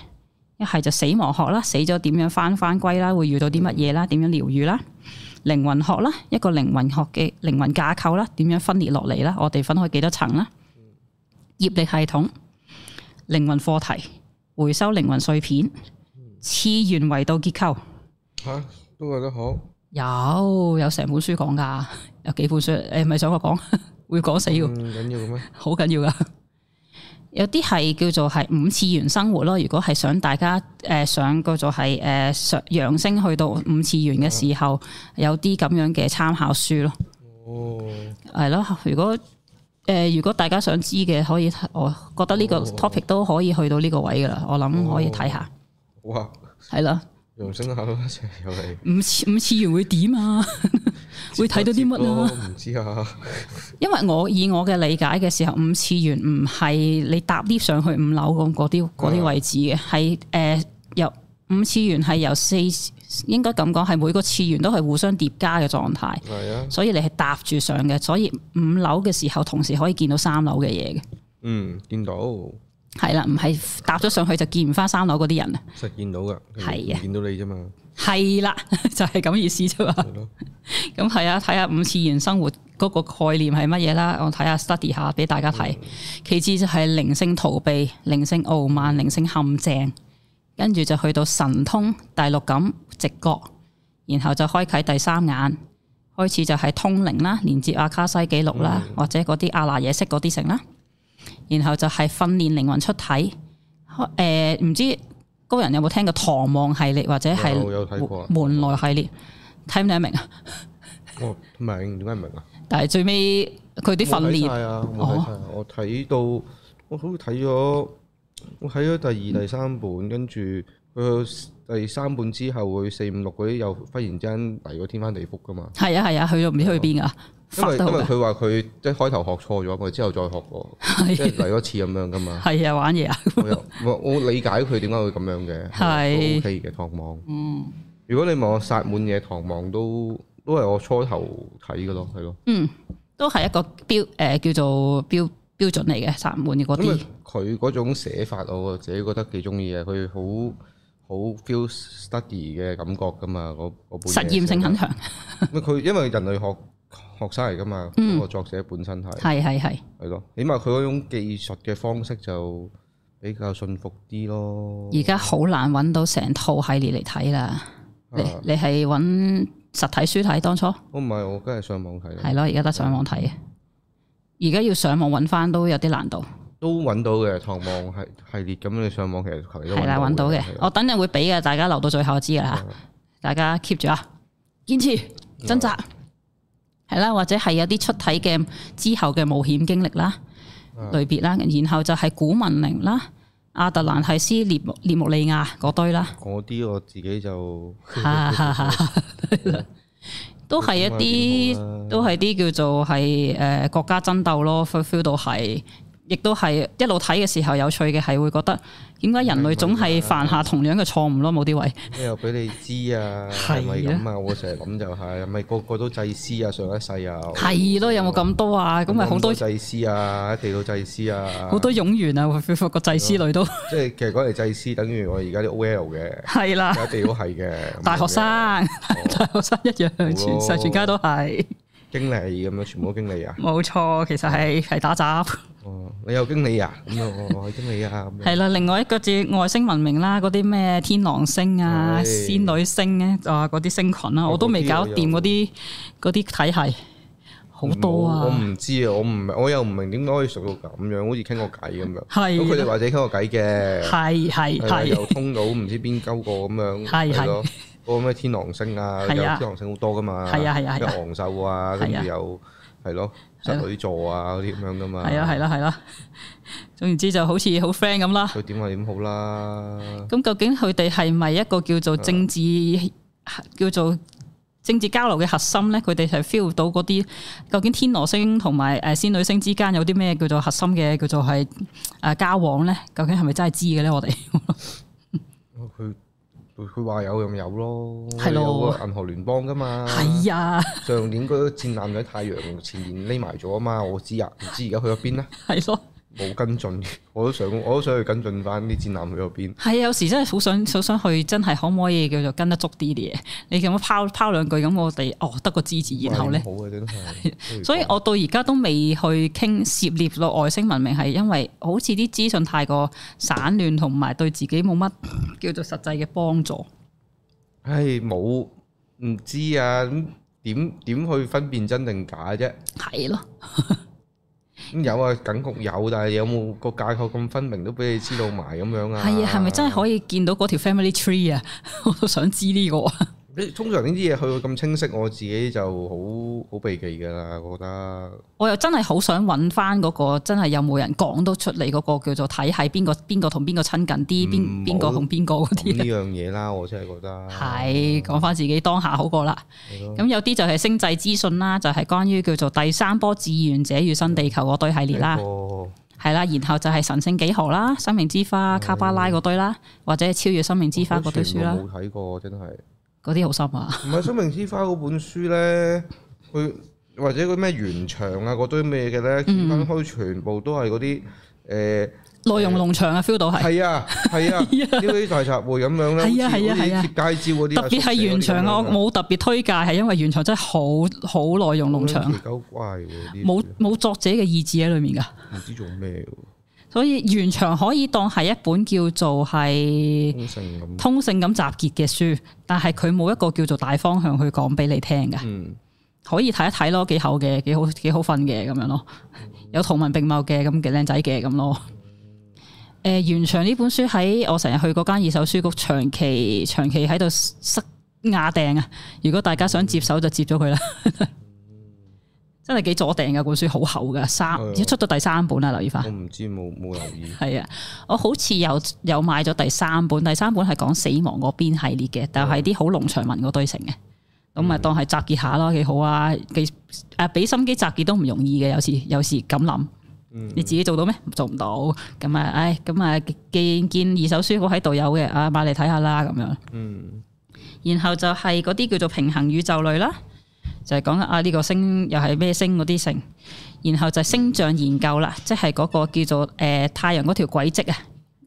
一係就死亡學啦，死咗點樣返返歸啦，會遇到啲乜嘢啦，點樣療癒啦。靈魂學啦，一個靈魂學嘅靈魂架構啦，點樣分裂落嚟啦，我哋分開幾多層啦？業力系統、靈魂課題、回收靈魂碎片、次元維度結構，吓都話得好，有有成本書講噶，有幾本書誒，唔係想我講會講死噶，唔緊要嘅咩，好緊要噶。有啲係叫做係五次元生活咯，如果係想大家誒想、呃、叫做係誒、呃、上揚升去到五次元嘅時候，有啲咁樣嘅參考書咯。哦，係咯。如果誒、呃、如果大家想知嘅，可以我覺得呢個 topic 都、哦、可以去到呢個位噶啦。我諗可以睇下。哇、哦！係啦。又係五次五次元會點啊？ 會睇到啲乜啊？唔知啊。因為我以我嘅理解嘅時候，五次元唔係你搭 lift 上去五樓咁嗰啲啲位置嘅，係誒、啊呃、由五次元係由四，應該咁講，係每個次元都係互相疊加嘅狀態。係是啊。所以你係搭住上嘅，所以五樓嘅時候同時可以見到三樓嘅嘢嘅。嗯，見到。係啦，唔係搭咗上去就見唔翻三樓嗰啲人啦。實見到噶，係啊，見到你啫嘛。係啦，就係咁意思啫嘛。咁係啊，睇 下，下五次元生活嗰個概念係乜嘢啦？我睇下 study 下俾大家睇。嗯、其次就係靈性逃避、靈性傲慢、靈性陷阱，跟住就去到神通、第六感、直覺，然後就開啟第三眼，開始就係通靈啦，連接阿卡西記錄啦，嗯、或者嗰啲阿那嘢式嗰啲成啦。然後就係訓練靈魂出體，誒、欸，唔知高人有冇聽過《唐望》系列或者係我有睇過門內系列，睇唔睇得明？哦、明，明啊？我明，點解唔明啊？但係最尾佢啲訓練，我睇到我好似睇咗我睇咗第二、第三本，跟住佢第三本之後會四五六嗰啲又忽然之間嚟個天翻地覆噶嘛？係啊係啊，去到唔知去邊啊？因為因為佢話佢即係開頭學錯咗，佢之後再學過，即係嚟咗次咁樣噶嘛。係啊，玩嘢啊。我理解佢點解會咁樣嘅，係 OK 嘅。唐望，嗯，如果你望我殺滿嘢，唐望都都係我初頭睇嘅咯，係咯，嗯，都係一個標誒、呃、叫做標標準嚟嘅《殺滿野》嗰啲。佢嗰種寫法，我自己覺得幾中意啊！佢好好 feel study 嘅感覺噶嘛，我我本實驗性很強。佢因，因為人類學。學生嚟㗎嘛？個作者本身係係係係，係咯。起碼佢嗰種技術嘅方式就比較信服啲咯。而家好難揾到成套系列嚟睇啦。你你係揾實體書睇？當初我唔係，我梗係上網睇。係咯，而家得上網睇。而家要上網揾返都有啲難度。都揾到嘅，唐望係系列咁，你上網其實求其都係啦，揾到嘅。我等陣會俾嘅，大家留到最後知㗎啦。大家 keep 住啊，堅持掙扎。係啦，或者係有啲出體嘅之後嘅冒險經歷啦，類別啦，啊、然後就係古文明啦、亞特蘭蒂斯、列列木利亞嗰堆啦。嗰啲、啊、我自己就，啊、 都係一啲，啊、都係啲叫做係誒國家爭鬥咯，feel 到係。亦都係一路睇嘅時候有趣嘅，係會覺得點解人類總係犯下同樣嘅錯誤咯？冇啲位，又俾你知啊，係咪咁啊？我成日諗就係，係咪個個都祭司啊，上一世啊，係咯，有冇咁多啊？咁咪好多祭司啊，地道祭司啊，好多勇員啊，個祭司類都，即係其實講嚟祭司，等於我而家啲 OL 嘅，係啦，地都係嘅，大學生，大學生一樣，全世全家都係。經理咁樣全部經理啊，冇錯，其實係係打雜。哦，你有經理啊，咁我我有經理啊。係啦，另外一個字外星文明啦，嗰啲咩天狼星啊、仙女星咧啊，嗰啲星群啦，我都未搞掂嗰啲嗰啲體系，好多啊。我唔知啊，我唔我又唔明點解可以熟到咁樣，好似傾過偈咁樣。係咁，佢哋或者傾過偈嘅。係係係。又通到唔知邊鳩個咁樣。係係。嗰個咩天狼星啊，有天狼星好多噶嘛，咩昂宿啊，跟住有，係咯，仙女座啊嗰啲咁樣噶嘛。係啊，係咯，係咯。總言之，就好似好 friend 咁啦。佢點咪點好啦？咁究竟佢哋係咪一個叫做政治叫做政治交流嘅核心咧？佢哋係 feel 到嗰啲究竟天狼星同埋誒仙女星之間有啲咩叫做核心嘅叫做係誒交往咧？究竟係咪真係知嘅咧？我哋，佢。佢佢話有咪有咯，咯有個銀河聯邦噶嘛。係啊是呀，上 年嗰個戰艦喺太陽前面匿埋咗嘛，我知啊，唔知而家去咗邊啊。係咯。冇跟進，我都想，我都想去跟進翻啲展覽去咗邊。係啊，有時真係好想，好想去，真係可唔可以叫做跟得足啲啲嘢？你咁樣拋拋兩句，咁我哋哦得個支持，然後咧，所以我到而家都未去傾涉獵到外星文明，係因為好似啲資訊太過散亂，同埋對自己冇乜叫做實際嘅幫助。唉，冇唔知啊，咁點點去分辨真定假啫？係咯是的。 嗯、有啊，梗局有，但係有冇個架構咁分明都畀你知道埋咁樣啊？係啊，係咪真係可以見到嗰條 family tree 啊？ 我都想知呢個。 通常呢啲嘢去到咁清晰，我自己就好好避忌㗎喇，我覺得。我又真係好想揾翻嗰個真係有冇人講到出嚟嗰、那個叫做睇係邊個邊個同邊個親近啲，邊邊、嗯、個同邊個嗰啲。呢樣嘢 啦，我真係覺得。係講翻自己當下好過啦。咁了有啲就係星際資訊啦，就係、是、關於叫做第三波志願者與新地球嗰堆系列啦。哦、這個。係啦，然後就係神聖幾何啦、生命之花、卡巴拉嗰堆啦，對對或者超越生命之花嗰堆書啦。冇睇過，真係。嗰啲好心啊！唔係《生命之花》嗰本書咧，佢或者佢咩原場啊嗰堆咩嘅咧，分開全部都係嗰啲誒內容農場啊，feel 到係係啊係啊，啲大雜燴咁樣咧，嗰啲貼街招嗰啲，特別係原場啊，我冇特別推介，係因為原場真係好好內容農場啊，幾怪喎，冇冇作者嘅意志喺裏面噶，唔知做咩喎。所以原場可以當係一本叫做係通性咁集結嘅書，但係佢冇一個叫做大方向去講俾你聽嘅。可以睇一睇咯，幾厚嘅，幾好幾好瞓嘅咁樣咯，有圖文並茂嘅咁嘅靚仔嘅咁咯。誒、呃，原場呢本書喺我成日去嗰間二手書局長期長期喺度塞壓訂啊！如果大家想接手就接咗佢啦。 真係幾阻定㗎？本書好厚㗎，三而出到第三本啦，劉以凡。我唔知，冇冇留意。係啊， 我好似有有買咗第三本，第三本係講死亡嗰邊系列嘅，但係啲好農場文嗰堆成嘅，咁咪、嗯、當係集結下咯，幾好啊？幾俾、啊、心機集結都唔容易嘅，有時有時咁諗，嗯、你自己做到咩？做唔到咁啊？唉，咁、哎、啊，既見二手書好喺度有嘅，啊買嚟睇下啦，咁樣。嗯、然後就係嗰啲叫做平衡宇宙類啦。就係講啊呢個星又係咩星嗰啲城，然後就星象研究啦，即係嗰個叫做誒、呃、太陽嗰條軌跡啊，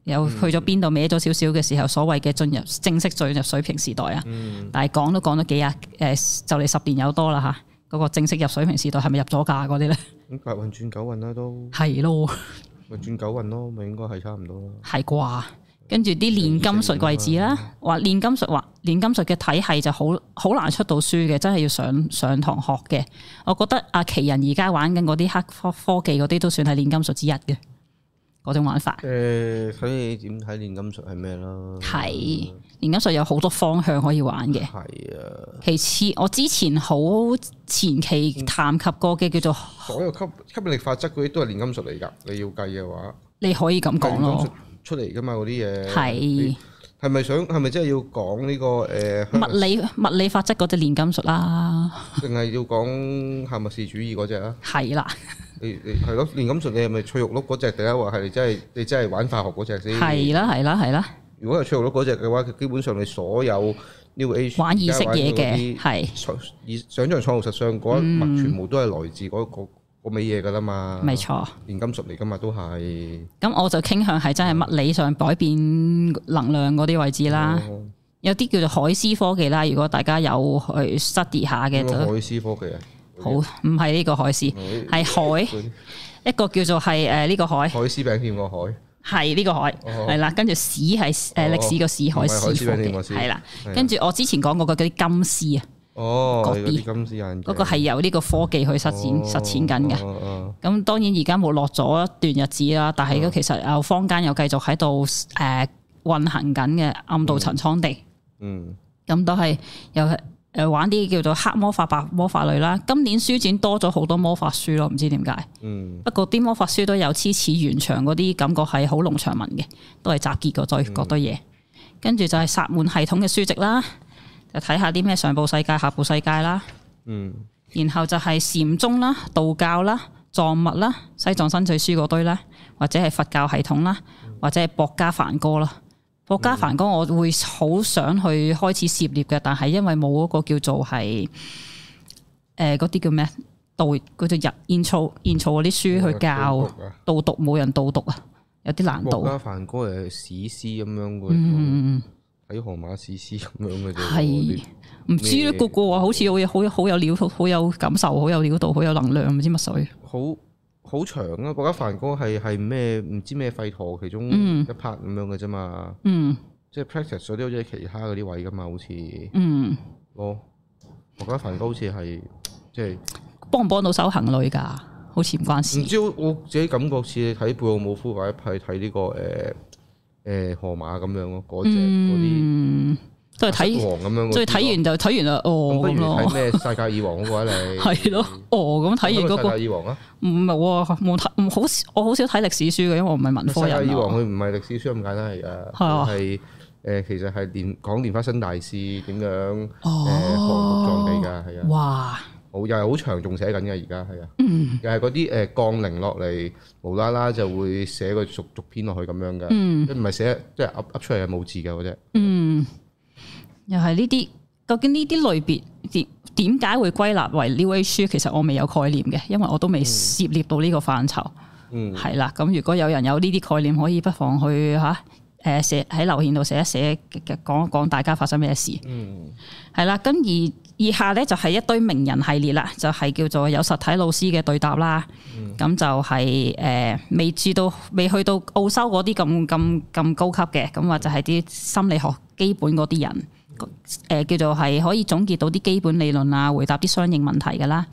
又、嗯、去咗邊度歪咗少少嘅時候，所謂嘅進入正式進入水瓶時代啊。嗯、但係講都講咗幾日誒、呃，就嚟十年有多啦吓，嗰、啊那個正式入水瓶時代係咪入咗價嗰啲咧？咁八運轉九運啦、啊、都係是咯， 咯，咪轉九運咯，咪應該係差唔多啦。係啩？跟住啲煉金術位置啦，話煉、啊、金術話煉金術嘅體系就好好難出到書嘅，真係要上上堂學嘅。我覺得阿奇人而家玩緊嗰啲黑科技嗰啲都算係煉金術之一嘅嗰種玩法。誒，睇你點睇煉金術係咩咯？係煉金術有好多方向可以玩嘅。係啊。其次，我之前好前期探及過嘅叫做所有吸吸引力法則嗰啲都係煉金術嚟㗎，你要計嘅話，你可以咁講咯。出嚟噶嘛嗰啲嘢，係係咪想係咪真係要講呢、呢個誒、呃、物理物理法則嗰隻煉金術啦、啊？定係要講後物質主義嗰隻啊？係啦， 你你係咯煉金術你係咪翠玉碌嗰隻？定係話係真係你真係玩化學嗰隻先？係啦係啦係啦。如果係翠玉碌嗰隻嘅話，基本上你所有 new age 即係玩意識嘢，係想想像創造實上嗰物、嗯、全部都係來自嗰、嗰個。冇乜嘢噶啦嘛，冇錯，煉金屬嚟噶嘛都係。咁我就傾向係真係物理上改變能量嗰啲位置啦。有啲叫做海思科技啦，如果大家有去 study 下嘅。海思科技啊，好唔係呢個海思，係海一個叫做係誒呢個海。海思餅店個海係呢個海係啦，跟住史係誒歷史個史海思科技係啦，跟住我之前講過嗰啲金絲啊。哦，嗰啲嗰個係由呢個科技去實踐、哦、實踐緊嘅。咁、哦、當然而家冇落咗一段日子啦，但係佢其實坊間又坊間又繼續喺度誒運行緊嘅暗度陳倉地嗯。嗯，咁都係又誒玩啲叫做黑魔法、白魔法類啦。今年書展多咗好多魔法書咯，唔知點解。嗯，不過啲魔法書都有黐似原場嗰啲感覺係好龍長文嘅，都係集結嗰堆嘢，嗯、跟住就係薩滿系統嘅書籍啦。就睇下啲咩上部世界、下部世界啦，嗯，然後就係禪宗啦、道教啦、藏物啦、西藏新序書嗰堆啦，或者係佛教系統啦，或者係薄伽梵歌啦。薄伽梵歌我會好想去開始涉獵嘅，但係因為冇嗰個叫做係誒嗰啲叫咩道嗰啲 intro intro 嗰啲書去教導讀冇人導讀啊，有啲難度。薄伽梵歌又係史詩咁樣嘅。嗯嗯嗯。喺荷馬史詩咁樣嘅啫，係唔是亂知咧？個個話好似好有好有好有料好，好有感受，好有料到，好有能量，唔知乜水？好，好長啊！嗰家梵高係係咩？唔知咩廢陀其中一 part 咁樣嘅啫嘛？嗯，即係 practice 咗啲，好似其他嗰啲位噶嘛，好似嗯，我我家梵高好似係即係幫唔幫到手行累噶？好似唔關事。唔知我自己感覺似睇貝奧姆夫嗰一批，睇呢、這個誒。呃誒、呃，河馬咁樣咯，嗰隻嗰啲都係睇完，再睇完就睇完啦。哦，咁不如睇咩世界二王好啩？你係咯，哦咁睇完嗰、那個那個、個世界二王啊？唔係，冇睇，好我好少睇歷史書嘅，因為我唔係文科人、啊、世界二王佢唔係歷史書咁簡單嚟噶，係誒，其實係連講蓮花生大師點樣誒，韓國裝備噶係啊。呃哇冇、嗯、又係好長，仲寫緊嘅而家係啊，又係嗰啲誒降零落嚟，無啦啦就會寫個續續篇落去咁、嗯、樣嘅，即唔係寫即係噏噏出嚟係冇字嘅嗰隻。嗯，又係呢啲，究竟呢啲類別點解會歸納為 New Age 書？其實我未有概念嘅，因為我都未涉獵到呢個範疇。嗯，係啦，咁如果有人有呢啲概念，可以不妨去嚇誒、呃、寫喺留言度寫一寫，講一講大家發生咩事。嗯，係啦，咁而。以下咧就係一堆名人系列啦，就係、是、叫做有實體老師嘅對答啦，咁、嗯、就係誒未至到未去到澳洲嗰啲咁咁咁高級嘅，咁或者係啲心理學基本嗰啲人，誒、嗯呃、叫做係可以總結到啲基本理論啊，回答啲相應問題噶啦。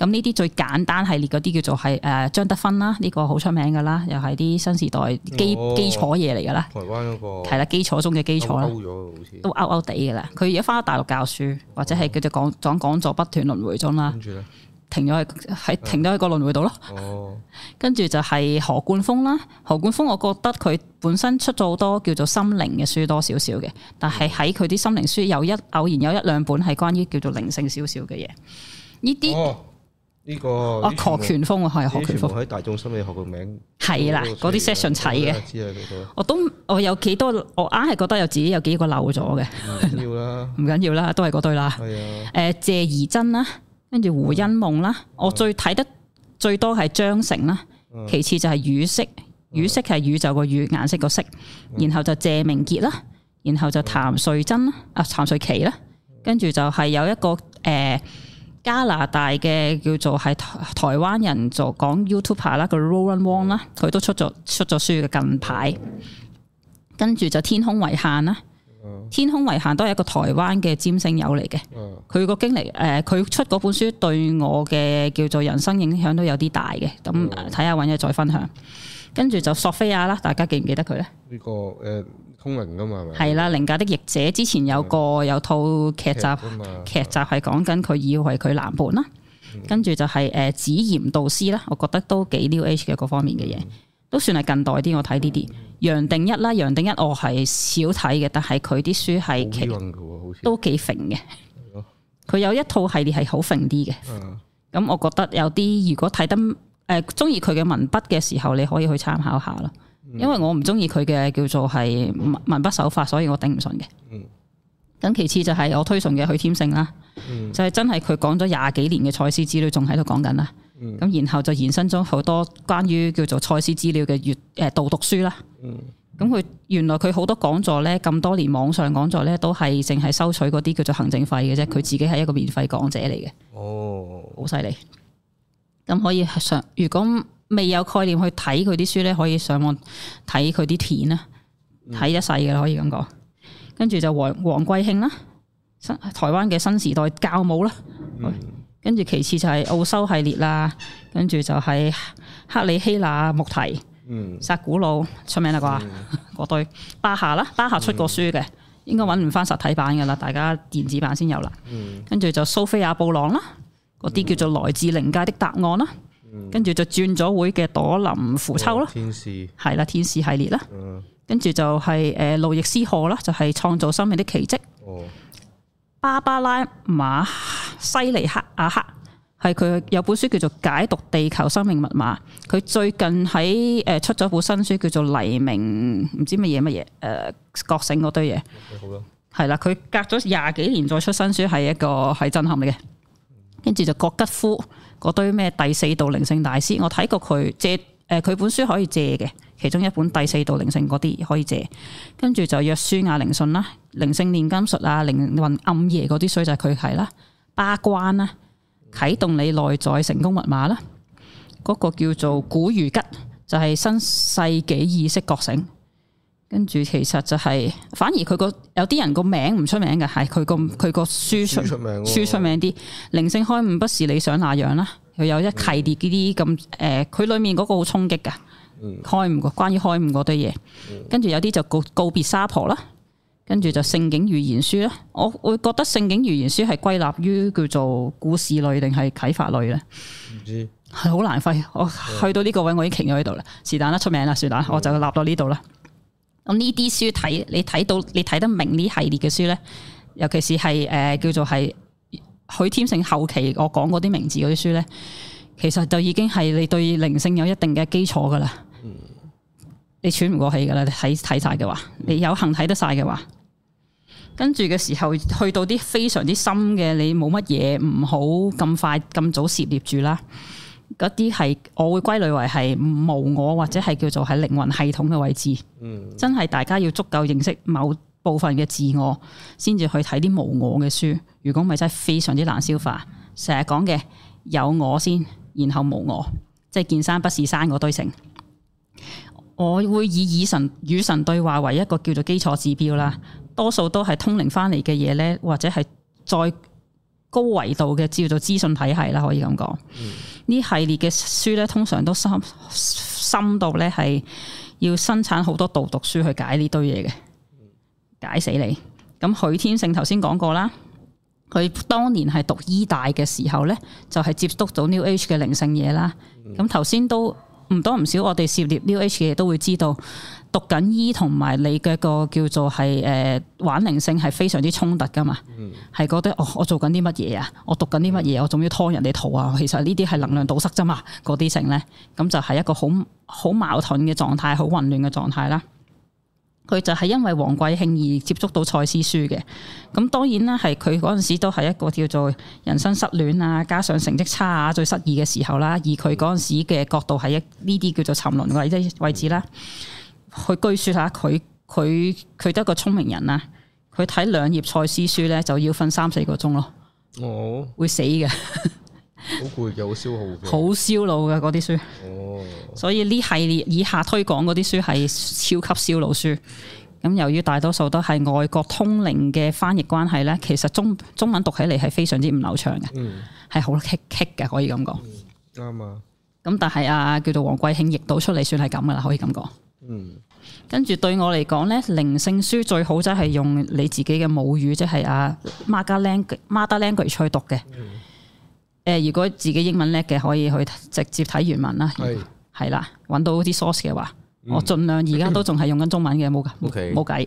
咁呢啲最簡單系列嗰啲叫做係誒、呃、張德芬啦，呢、呢個好出名嘅啦，又係啲新時代基、哦、基礎嘢嚟㗎啦。台灣嗰個係啦，基礎中嘅基礎啦，歐歐都勾勾地嘅啦。佢而家翻咗大陸教書，或者係佢就講講講座不斷輪迴中啦。住、哦、停咗喺停咗喺個輪迴度咯。跟住、哦、就係何冠峰啦。何冠峰，我覺得佢本身出咗好多叫做心靈嘅書多少少嘅，但係喺佢啲心靈書有一偶然有一兩本係關於叫做靈性少少嘅嘢，呢啲。呢個阿何權峯喎，係何權峯喺大眾心理學個名係啦，嗰啲 session 齊嘅。知啊，我都我有幾多？我硬係覺得有自己有幾個漏咗嘅。唔緊要啦，唔緊要啦，都係嗰堆啦。係啊，誒謝怡珍啦，跟住胡因夢啦，我最睇得最多係張成啦，其次就係宇色，宇色係宇宙個宇，顏色個色，然後就謝明傑啦，然後就譚瑞珍啦，啊譚瑞琪啦，跟住就係有一個誒。加拿大嘅叫做係台灣人做講 YouTuber 啦，個 Roland Wong 啦，佢都出咗出咗書嘅近排，跟住就天空為限啦，天空為限都係一個台灣嘅占星友嚟嘅，佢個經歷誒，佢出嗰本書對我嘅叫做人生影響都有啲大嘅，咁睇下揾嘢再分享，跟住就索菲 p 啦，大家記唔記得佢呢？呢個誒。通靈噶嘛係啦，《靈界的譯者》之前有個有套劇集，劇集係講緊佢以為佢男伴啦，跟住就係誒紫炎導師啦。我覺得都幾 new age 嘅各方面嘅嘢，都算係近代啲。我睇呢啲楊定一啦，楊定一我係少睇嘅，但係佢啲書係都幾勁嘅。佢有一套系列係好勁啲嘅。咁我覺得有啲如果睇得誒中意佢嘅文筆嘅時候，你可以去參考下啦。因為我唔中意佢嘅叫做係文筆手法，所以我頂唔順嘅。嗯，咁其次就係我推崇嘅許添勝啦，嗯、就係真係佢講咗廿幾年嘅賽事資料，仲喺度講緊啦。咁然後就延伸咗好多關於叫做賽事資料嘅越誒讀讀書啦。咁佢、嗯、原來佢好多講座咧，咁多年網上講座咧，都係淨係收取嗰啲叫做行政費嘅啫，佢自己係一個免費講者嚟嘅。哦，好犀利。咁可以上，如果。未有概念去睇佢啲書咧，可以上網睇佢啲片啊，睇一世嘅啦，可以咁講。跟住、嗯、就王王季慶啦，新台灣嘅新時代教母啦。跟住、嗯、其次就係奧修系列啦，跟住就係克里希那穆提、嗯、撒古魯出名啦啩，嗰對、嗯、 巴夏啦，巴夏出過書嘅，嗯、應該揾唔翻實體版噶啦，大家電子版先有啦。跟住、嗯、就蘇菲亞布朗啦，嗰啲叫做來自靈界的答案啦。跟住就轉咗會嘅朵林扶秋咯、哦，天使係啦，天使系列啦。跟住、嗯、就係誒路易斯賀啦，就係、是、創造生命的奇蹟。哦，芭芭拉馬西尼克阿克係，佢有本書叫做《解讀地球生命密碼》。佢最近喺誒出咗本新書叫做《黎明》什麼什麼，唔知乜嘢乜嘢誒覺醒嗰堆嘢。好、哦、多係啦，佢隔咗廿幾年再出新書，係一個係震撼嚟嘅。跟住就葛吉夫。嗰堆咩第四道靈性大師，我睇過佢借，佢、呃、本書可以借嘅，其中一本第四道靈性嗰啲可以借，跟住就約書亞靈訊啦、靈性煉金術啊、靈魂暗夜嗰啲書就係佢係啦，巴關啦，啟動你內在成功密碼啦，嗰、那個叫做古如吉，就係、是、新世紀意識覺醒。跟住，其實就係、是、反而佢、那個有啲人個名唔出名嘅，係佢個佢個書出名、嗯。書出名啲、哦。靈性開悟不是你想那樣啦。佢、嗯、有一系列呢啲咁誒，佢、呃、裡面嗰個好衝擊嘅。開悟關於開悟嗰堆嘢，跟住有啲就告告別娑婆啦，跟住就聖境預言書啦。我會覺得聖境預言書係歸納於叫做故事類定係啟發類咧？唔知係好難分。我去到呢個位，我已經停咗喺度啦。是但啦，出名啦，是但，我就立到呢度啦。嗯。咁呢啲書睇，你睇到你睇得明呢系列嘅書咧，尤其是係誒、呃、叫做係許添盛後期我講嗰啲名字嗰啲書咧，其實就已經係你對靈性有一定嘅基礎噶啦。你喘唔過氣噶啦，你睇睇晒嘅話，你有幸睇得晒嘅話，跟住嘅時候去到啲非常之深嘅，你冇乜嘢唔好咁快咁早涉獵住啦。嗰啲係我會歸類為係無我或者係叫做係靈魂系統嘅位置，嗯、真係大家要足夠認識某部分嘅自我，先至去睇啲無我嘅書。如果唔係真係非常之難消化。成日講嘅有我先，然後無我，即係見山不是山嗰堆成。我會以以神與神對話為一個叫做基礎指標啦。多數都係通靈翻嚟嘅嘢咧，或者係再。高維度嘅叫做資訊體系啦，可以咁講。呢、嗯、系列嘅書咧，通常都深深度咧係要生產好多度讀書去解呢堆嘢嘅，解死你。咁許天勝頭先講過啦，佢當年係讀醫大嘅時候咧，就係、是、接觸到 New Age 嘅靈性嘢啦。咁頭先都唔多唔少，我哋涉獵 New Age 嘅嘢都會知道。讀緊醫同埋你嘅個叫做係誒玩靈性係非常之衝突㗎嘛，係、嗯、覺得哦，我做緊啲乜嘢啊？我讀緊啲乜嘢？我仲要拖人哋圖啊！其實呢啲係能量堵塞啫嘛，嗰啲剩咧，咁就係一個好好矛盾嘅狀態，好混亂嘅狀態啦。佢就係因為王季慶而接觸到賽斯書嘅，咁當然啦，係佢嗰陣時都係一個叫做人生失戀啊，加上成績差啊，最失意嘅時候啦。而佢嗰陣時嘅角度係一呢啲叫做沉淪嘅位，即位置啦。嗯佢據說下，佢佢佢得個聰明人啊。佢睇兩頁賽斯書 3,《賽斯書》咧就要瞓三四個鐘咯，哦，會死嘅，好攰嘅，好消耗嘅，好燒腦嘅嗰啲書，哦，所以呢系列以下推廣嗰啲書係超級燒腦書。咁由於大多數都係外國通靈嘅翻譯關係咧，其實中中文讀起嚟係非常之唔流暢嘅，嗯、mm.，係好棘棘嘅，可以咁講，啱啊、mm. 嗯。咁但係啊，叫做黃貴慶譯到出嚟算係咁噶啦，可以咁講。嗯，跟住對我嚟講咧，靈性書最好就係用你自己嘅母語，即係啊 mother language，mother language 去讀嘅。誒，如果自己英文叻嘅，可以去直接睇原文啦。係係啦，搵到啲 source 嘅話，我盡量而家都仲係用緊中文嘅，冇噶，冇計。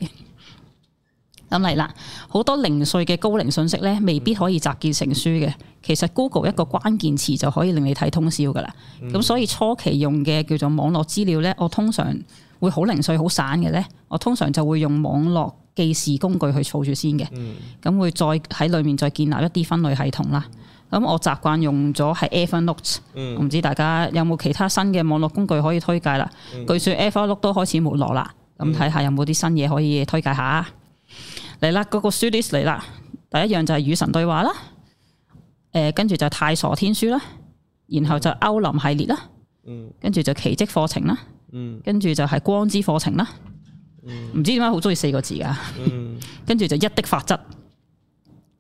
咁嚟啦，好多零碎嘅高靈信息咧，未必可以集結成書嘅。其實 Google 一個關鍵詞就可以令你睇通宵噶啦。咁所以初期用嘅叫做網絡資料咧，我通常。會好零碎、好散嘅呢。我通常就會用網絡記事工具去儲住先嘅，咁會再喺裏面再建立一啲分類系統啦。咁我習慣用咗係 Evernote，、e、唔知大家有冇其他新嘅網絡工具可以推介啦。據說 Evernote、e、都開始沒落啦，咁睇下有冇啲新嘢可以推介下。嚟啦，嗰、那個書單嚟啦，第一樣就係與神對話啦，跟、呃、住就太傻天書啦，然後就歐林系列啦，跟住就奇迹課程啦。跟住就係光之課程啦，唔、嗯、知點解好中意四個字噶，跟住、嗯、就一的法則，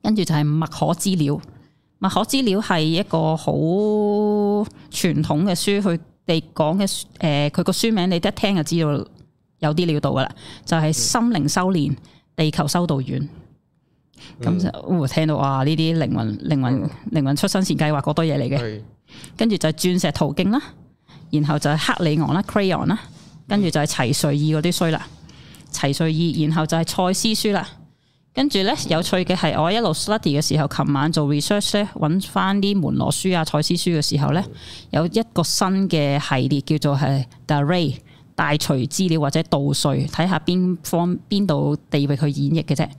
跟住就係麥可資料，麥可資料係一個好傳統嘅書，佢哋講嘅，誒、呃，佢個書名你一聽就知道有啲料到噶啦，就係、是、心靈修煉、地球修道院，咁、嗯、就、哦、聽到哇呢啲靈魂、靈魂、靈魂出生前計劃嗰堆嘢嚟嘅，跟住、嗯、就係鑽石途徑啦。然後就係克里昂啦，crayon 啦，跟住就係齊瑞爾嗰啲衰啦，齊瑞爾，然後就係賽斯書啦，跟住咧有趣嘅係我一路 study 嘅時候，琴晚做 research 咧，揾翻啲門羅書啊，賽斯書嘅時候咧，有一個新嘅系列叫做係 Duray 大除資料或者倒稅，睇下邊方邊度地域去演繹嘅啫。咁、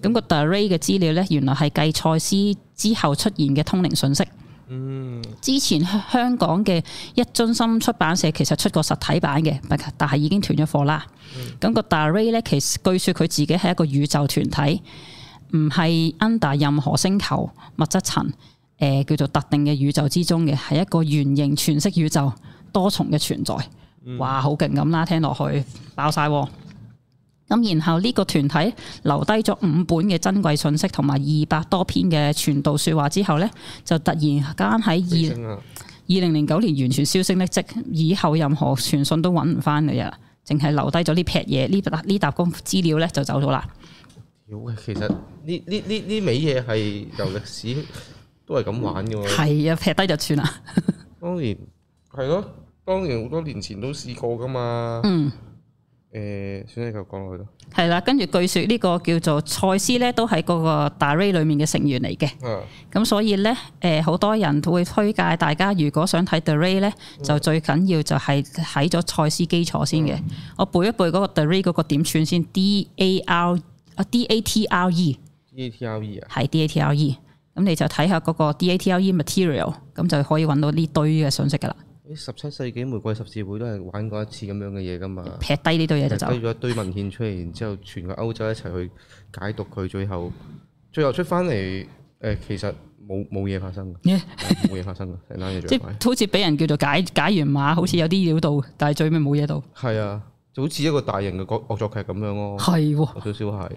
那個 Duray 嘅資料咧，原來係繼賽斯之後出現嘅通靈訊息。嗯，之前香港嘅一中心出版社其實出過實體版嘅，但但係已經斷咗貨啦。咁、嗯、個 Day 咧，其實據說佢自己係一個宇宙團體，唔係 under 任何星球、物質層，誒、呃、叫做特定嘅宇宙之中嘅，係一個圓形全息宇宙多重嘅存在。嗯、哇，好勁咁啦，聽落去爆晒喎、啊！咁然後呢個團體留低咗五本嘅珍貴信息同埋二百多篇嘅傳道説話之後呢，就突然間喺二零零九年完全銷聲匿跡咧，即以後任何傳信都揾唔翻嘅呀，淨係留低咗呢撇嘢呢呢沓公資料呢就走咗啦。其實呢呢呢呢尾嘢係由歷史都係咁玩嘅喎。係啊、 嗯，撇低就算啦 。當然係咯，當然好多年前都試過噶嘛。嗯。誒，係啦、嗯。跟住據說呢個叫做賽斯咧，都係嗰個大 Ray 裏面嘅成員嚟嘅。咁、啊、所以咧，誒，好多人會推介大家，如果想睇 Datre 咧，就最緊要就係睇咗賽斯基礎先嘅。嗯、我背一背嗰個 Datre 嗰個點串先，D A R 啊，D A T R E。D A, R D A T R E 啊，係、e? D A T R E。咁你就睇下嗰個 D A T R E material，咁就可以揾到呢堆嘅信息噶啦。十七世紀玫瑰十字會都係玩過一次咁樣嘅嘢噶嘛，劈低呢堆嘢就走，走咗一堆文獻出嚟，然之後全個歐洲一齊去解讀佢，最後最後出翻嚟，誒、呃、其實冇冇嘢發生嘅，冇嘢 Yeah. 發生嘅，係嗱嘢即係好似俾人叫做解解完碼，好似有啲料到，但係最尾冇嘢到。係啊，就好似一個大型嘅惡惡作劇咁樣咯。係喎、 啊，少少係。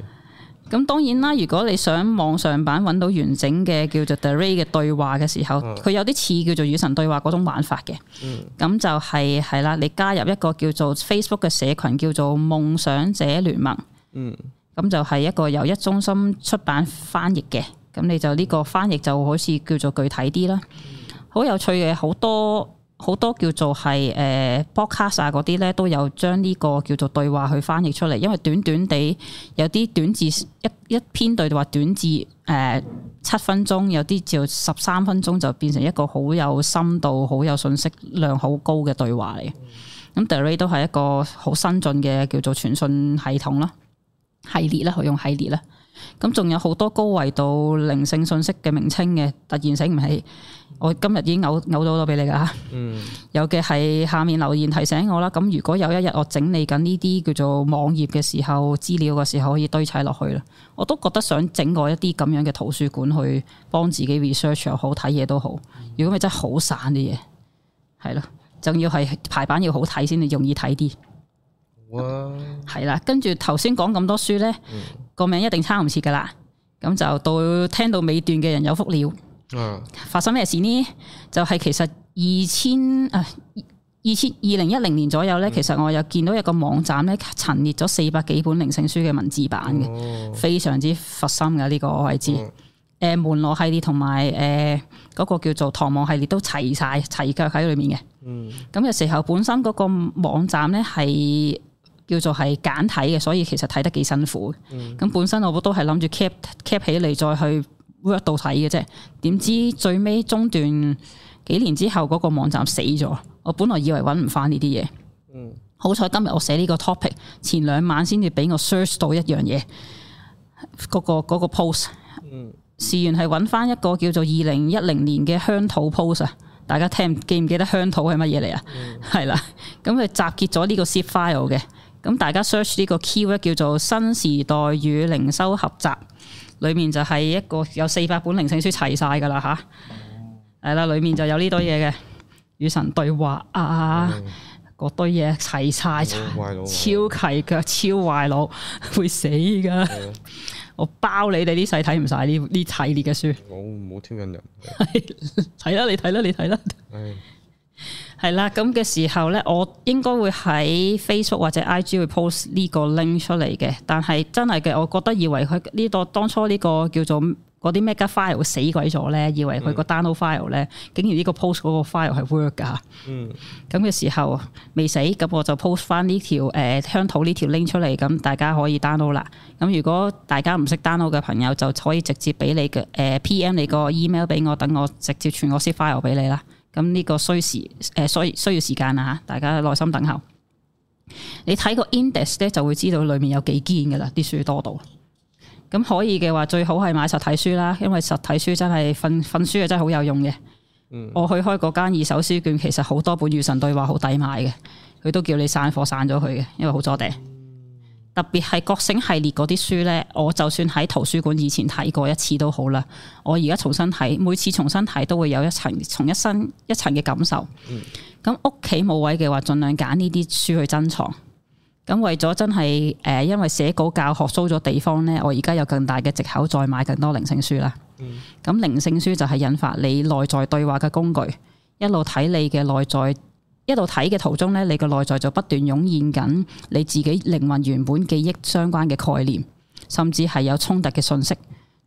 咁當然啦，如果你想網上版揾到完整嘅叫做 Dare 嘅對話嘅時候，佢、oh. 有啲似叫做與神對話嗰種玩法嘅。咁、mm. 就係、係、係啦，你加入一個叫做 Facebook 嘅社群叫做夢想者聯盟。咁、mm. 就係一個由一中心出版翻譯嘅，咁你就呢個翻譯就好似叫做具體啲啦。好、mm. 有趣嘅好多。好多叫做係誒、呃、播卡曬嗰啲咧，都有將呢個叫做對話去翻譯出嚟。因為短短地有啲短字一一篇對話短字誒七分鐘，有啲就十三分鐘就變成一個好有深度、好有信息量好高嘅對話嚟。咁 Dari 都係一個好新進嘅叫做傳訊系統啦，系列啦，佢用系列啦。咁仲有好多高維度靈性信息嘅名稱嘅，突然醒唔起，我今日已經嘔嘔咗好多俾你啦。嗯，有嘅係下面留言提醒我啦。咁如果有一日我整理緊呢啲叫做網頁嘅時候，資料嘅時候可以堆砌落去啦。我都覺得想整個一啲咁樣嘅圖書館去幫自己 research 又好睇嘢，都好。如果咪真係好散啲嘢。係咯，仲要係排版要好睇先至容易睇啲。係啦，What? 跟住頭先講咁多書咧，個、嗯、名一定差唔切噶啦。咁就到聽到尾段嘅人有福了。嗯、啊，發生咩事呢？就係、是、其實二千啊，二千二零一零年左右咧，嗯、其實我有見到一個網站咧，陳列咗四百幾本靈性書嘅文字版嘅，哦、非常之佛心嘅呢、這個位置。誒、嗯呃，門羅系列同埋誒嗰個叫做唐網系列都齊晒齊腳喺裏面嘅。嗯，咁嘅時候本身嗰個網站咧係。叫做係簡體嘅，所以其實睇得幾辛苦。咁、嗯、本身我都係諗住 cap cap 起嚟再去 word 度睇嘅啫。點知最尾中斷幾年之後，嗰個網站死咗。我本來以為揾唔翻呢啲嘢。嗯、好彩今日我寫呢個 topic，前兩晚先至俾我 search 到一樣嘢，嗰、嗰個、嗰個 post。嗯，事緣係搵翻一個叫做二零一零年嘅鄉土 post 啊！大家聽記唔記得鄉土係乜嘢嚟啊？係啦、嗯，咁佢集結咗呢個 file 嘅。咁大家 search 呢個 Q，呢叫做新時代與靈修合集，裡面就係一個有四百本靈性書齊晒噶啦吓，係啦，裡面就有呢堆嘢嘅與神對話啊，嗰堆嘢齊曬，超攜腳，超壞腦，會死噶！我包你哋呢世睇唔晒呢呢系列嘅書。冇冇挑緊人，睇啦，你睇啦，你睇啦。係啦，咁嘅時候咧，我應該會喺 Facebook 或者 IG 會 post 呢個 link 出嚟嘅。但係真係嘅，我覺得以為佢呢度當初呢個叫做嗰啲咩 mega file 死鬼咗咧，以為佢個 download file 咧、嗯，竟然呢個 post 嗰個 file 係 work 噶。嗯，咁嘅時候未死，咁我就 post 翻呢條誒鄉土呢條 link 出嚟，咁大家可以 download 啦。咁如果大家唔識 download 嘅朋友，就可以直接俾你嘅誒、呃、PM 你個 email 俾我，等我直接傳個 file 俾你啦。咁呢個需時誒，需、呃、需要時間啊吓，大家耐心等候。你睇個 index 咧，就會知道裏面有幾堅噶啦，啲書多到。咁可以嘅話，最好係買實體書啦，因為實體書真係訓訓書啊，真係好有用嘅。我去開嗰間二手書店，其實好多本《與神對話》好抵買嘅，佢都叫你散貨散咗佢嘅，因為好阻地。特別係覺醒系列嗰啲書呢，我就算喺圖書館以前睇過一次都好啦，我而家重新睇，每次重新睇都會有一層從一新一層嘅感受。咁屋企冇位嘅話，儘量揀呢啲書去珍藏。咁為咗真係誒、呃，因為寫稿教學租咗地方呢，我而家有更大嘅藉口再買更多靈性書啦。咁靈性書就係引發你內在對話嘅工具，一路睇你嘅內在。一度睇嘅途中咧，你嘅內在就不斷湧現緊你自己靈魂原本記憶相關嘅概念，甚至係有衝突嘅信息。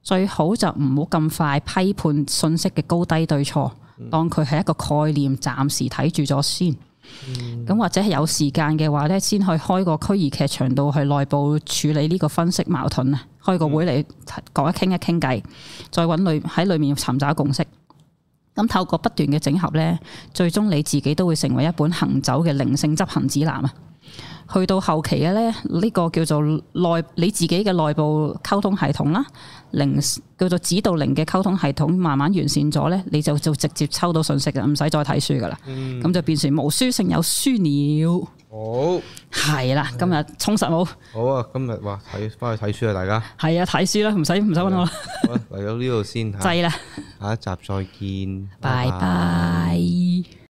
最好就唔好咁快批判信息嘅高低對錯，當佢係一個概念，暫時睇住咗先。咁或者係有時間嘅話咧，先去開個虛擬劇場度去內部處理呢個分析矛盾啊，開個會嚟講一傾一傾偈，再搵內喺裡面尋找共識。咁透過不斷嘅整合咧，最終你自己都會成為一本行走嘅靈性執行指南啊！去到後期嘅咧，呢、這個叫做內你自己嘅內部溝通系統啦，靈叫做指導靈嘅溝通系統，慢慢完善咗咧，你就就直接抽到信息啦，唔使再睇書噶啦，咁、嗯、就變成無書勝有書了。好係啦，今日充實冇好啊！今日哇，睇翻去睇書啊，大家係啊，睇書啦，唔使唔使搵我啦，嚟到呢度先，就係啦，下一集再見，拜拜。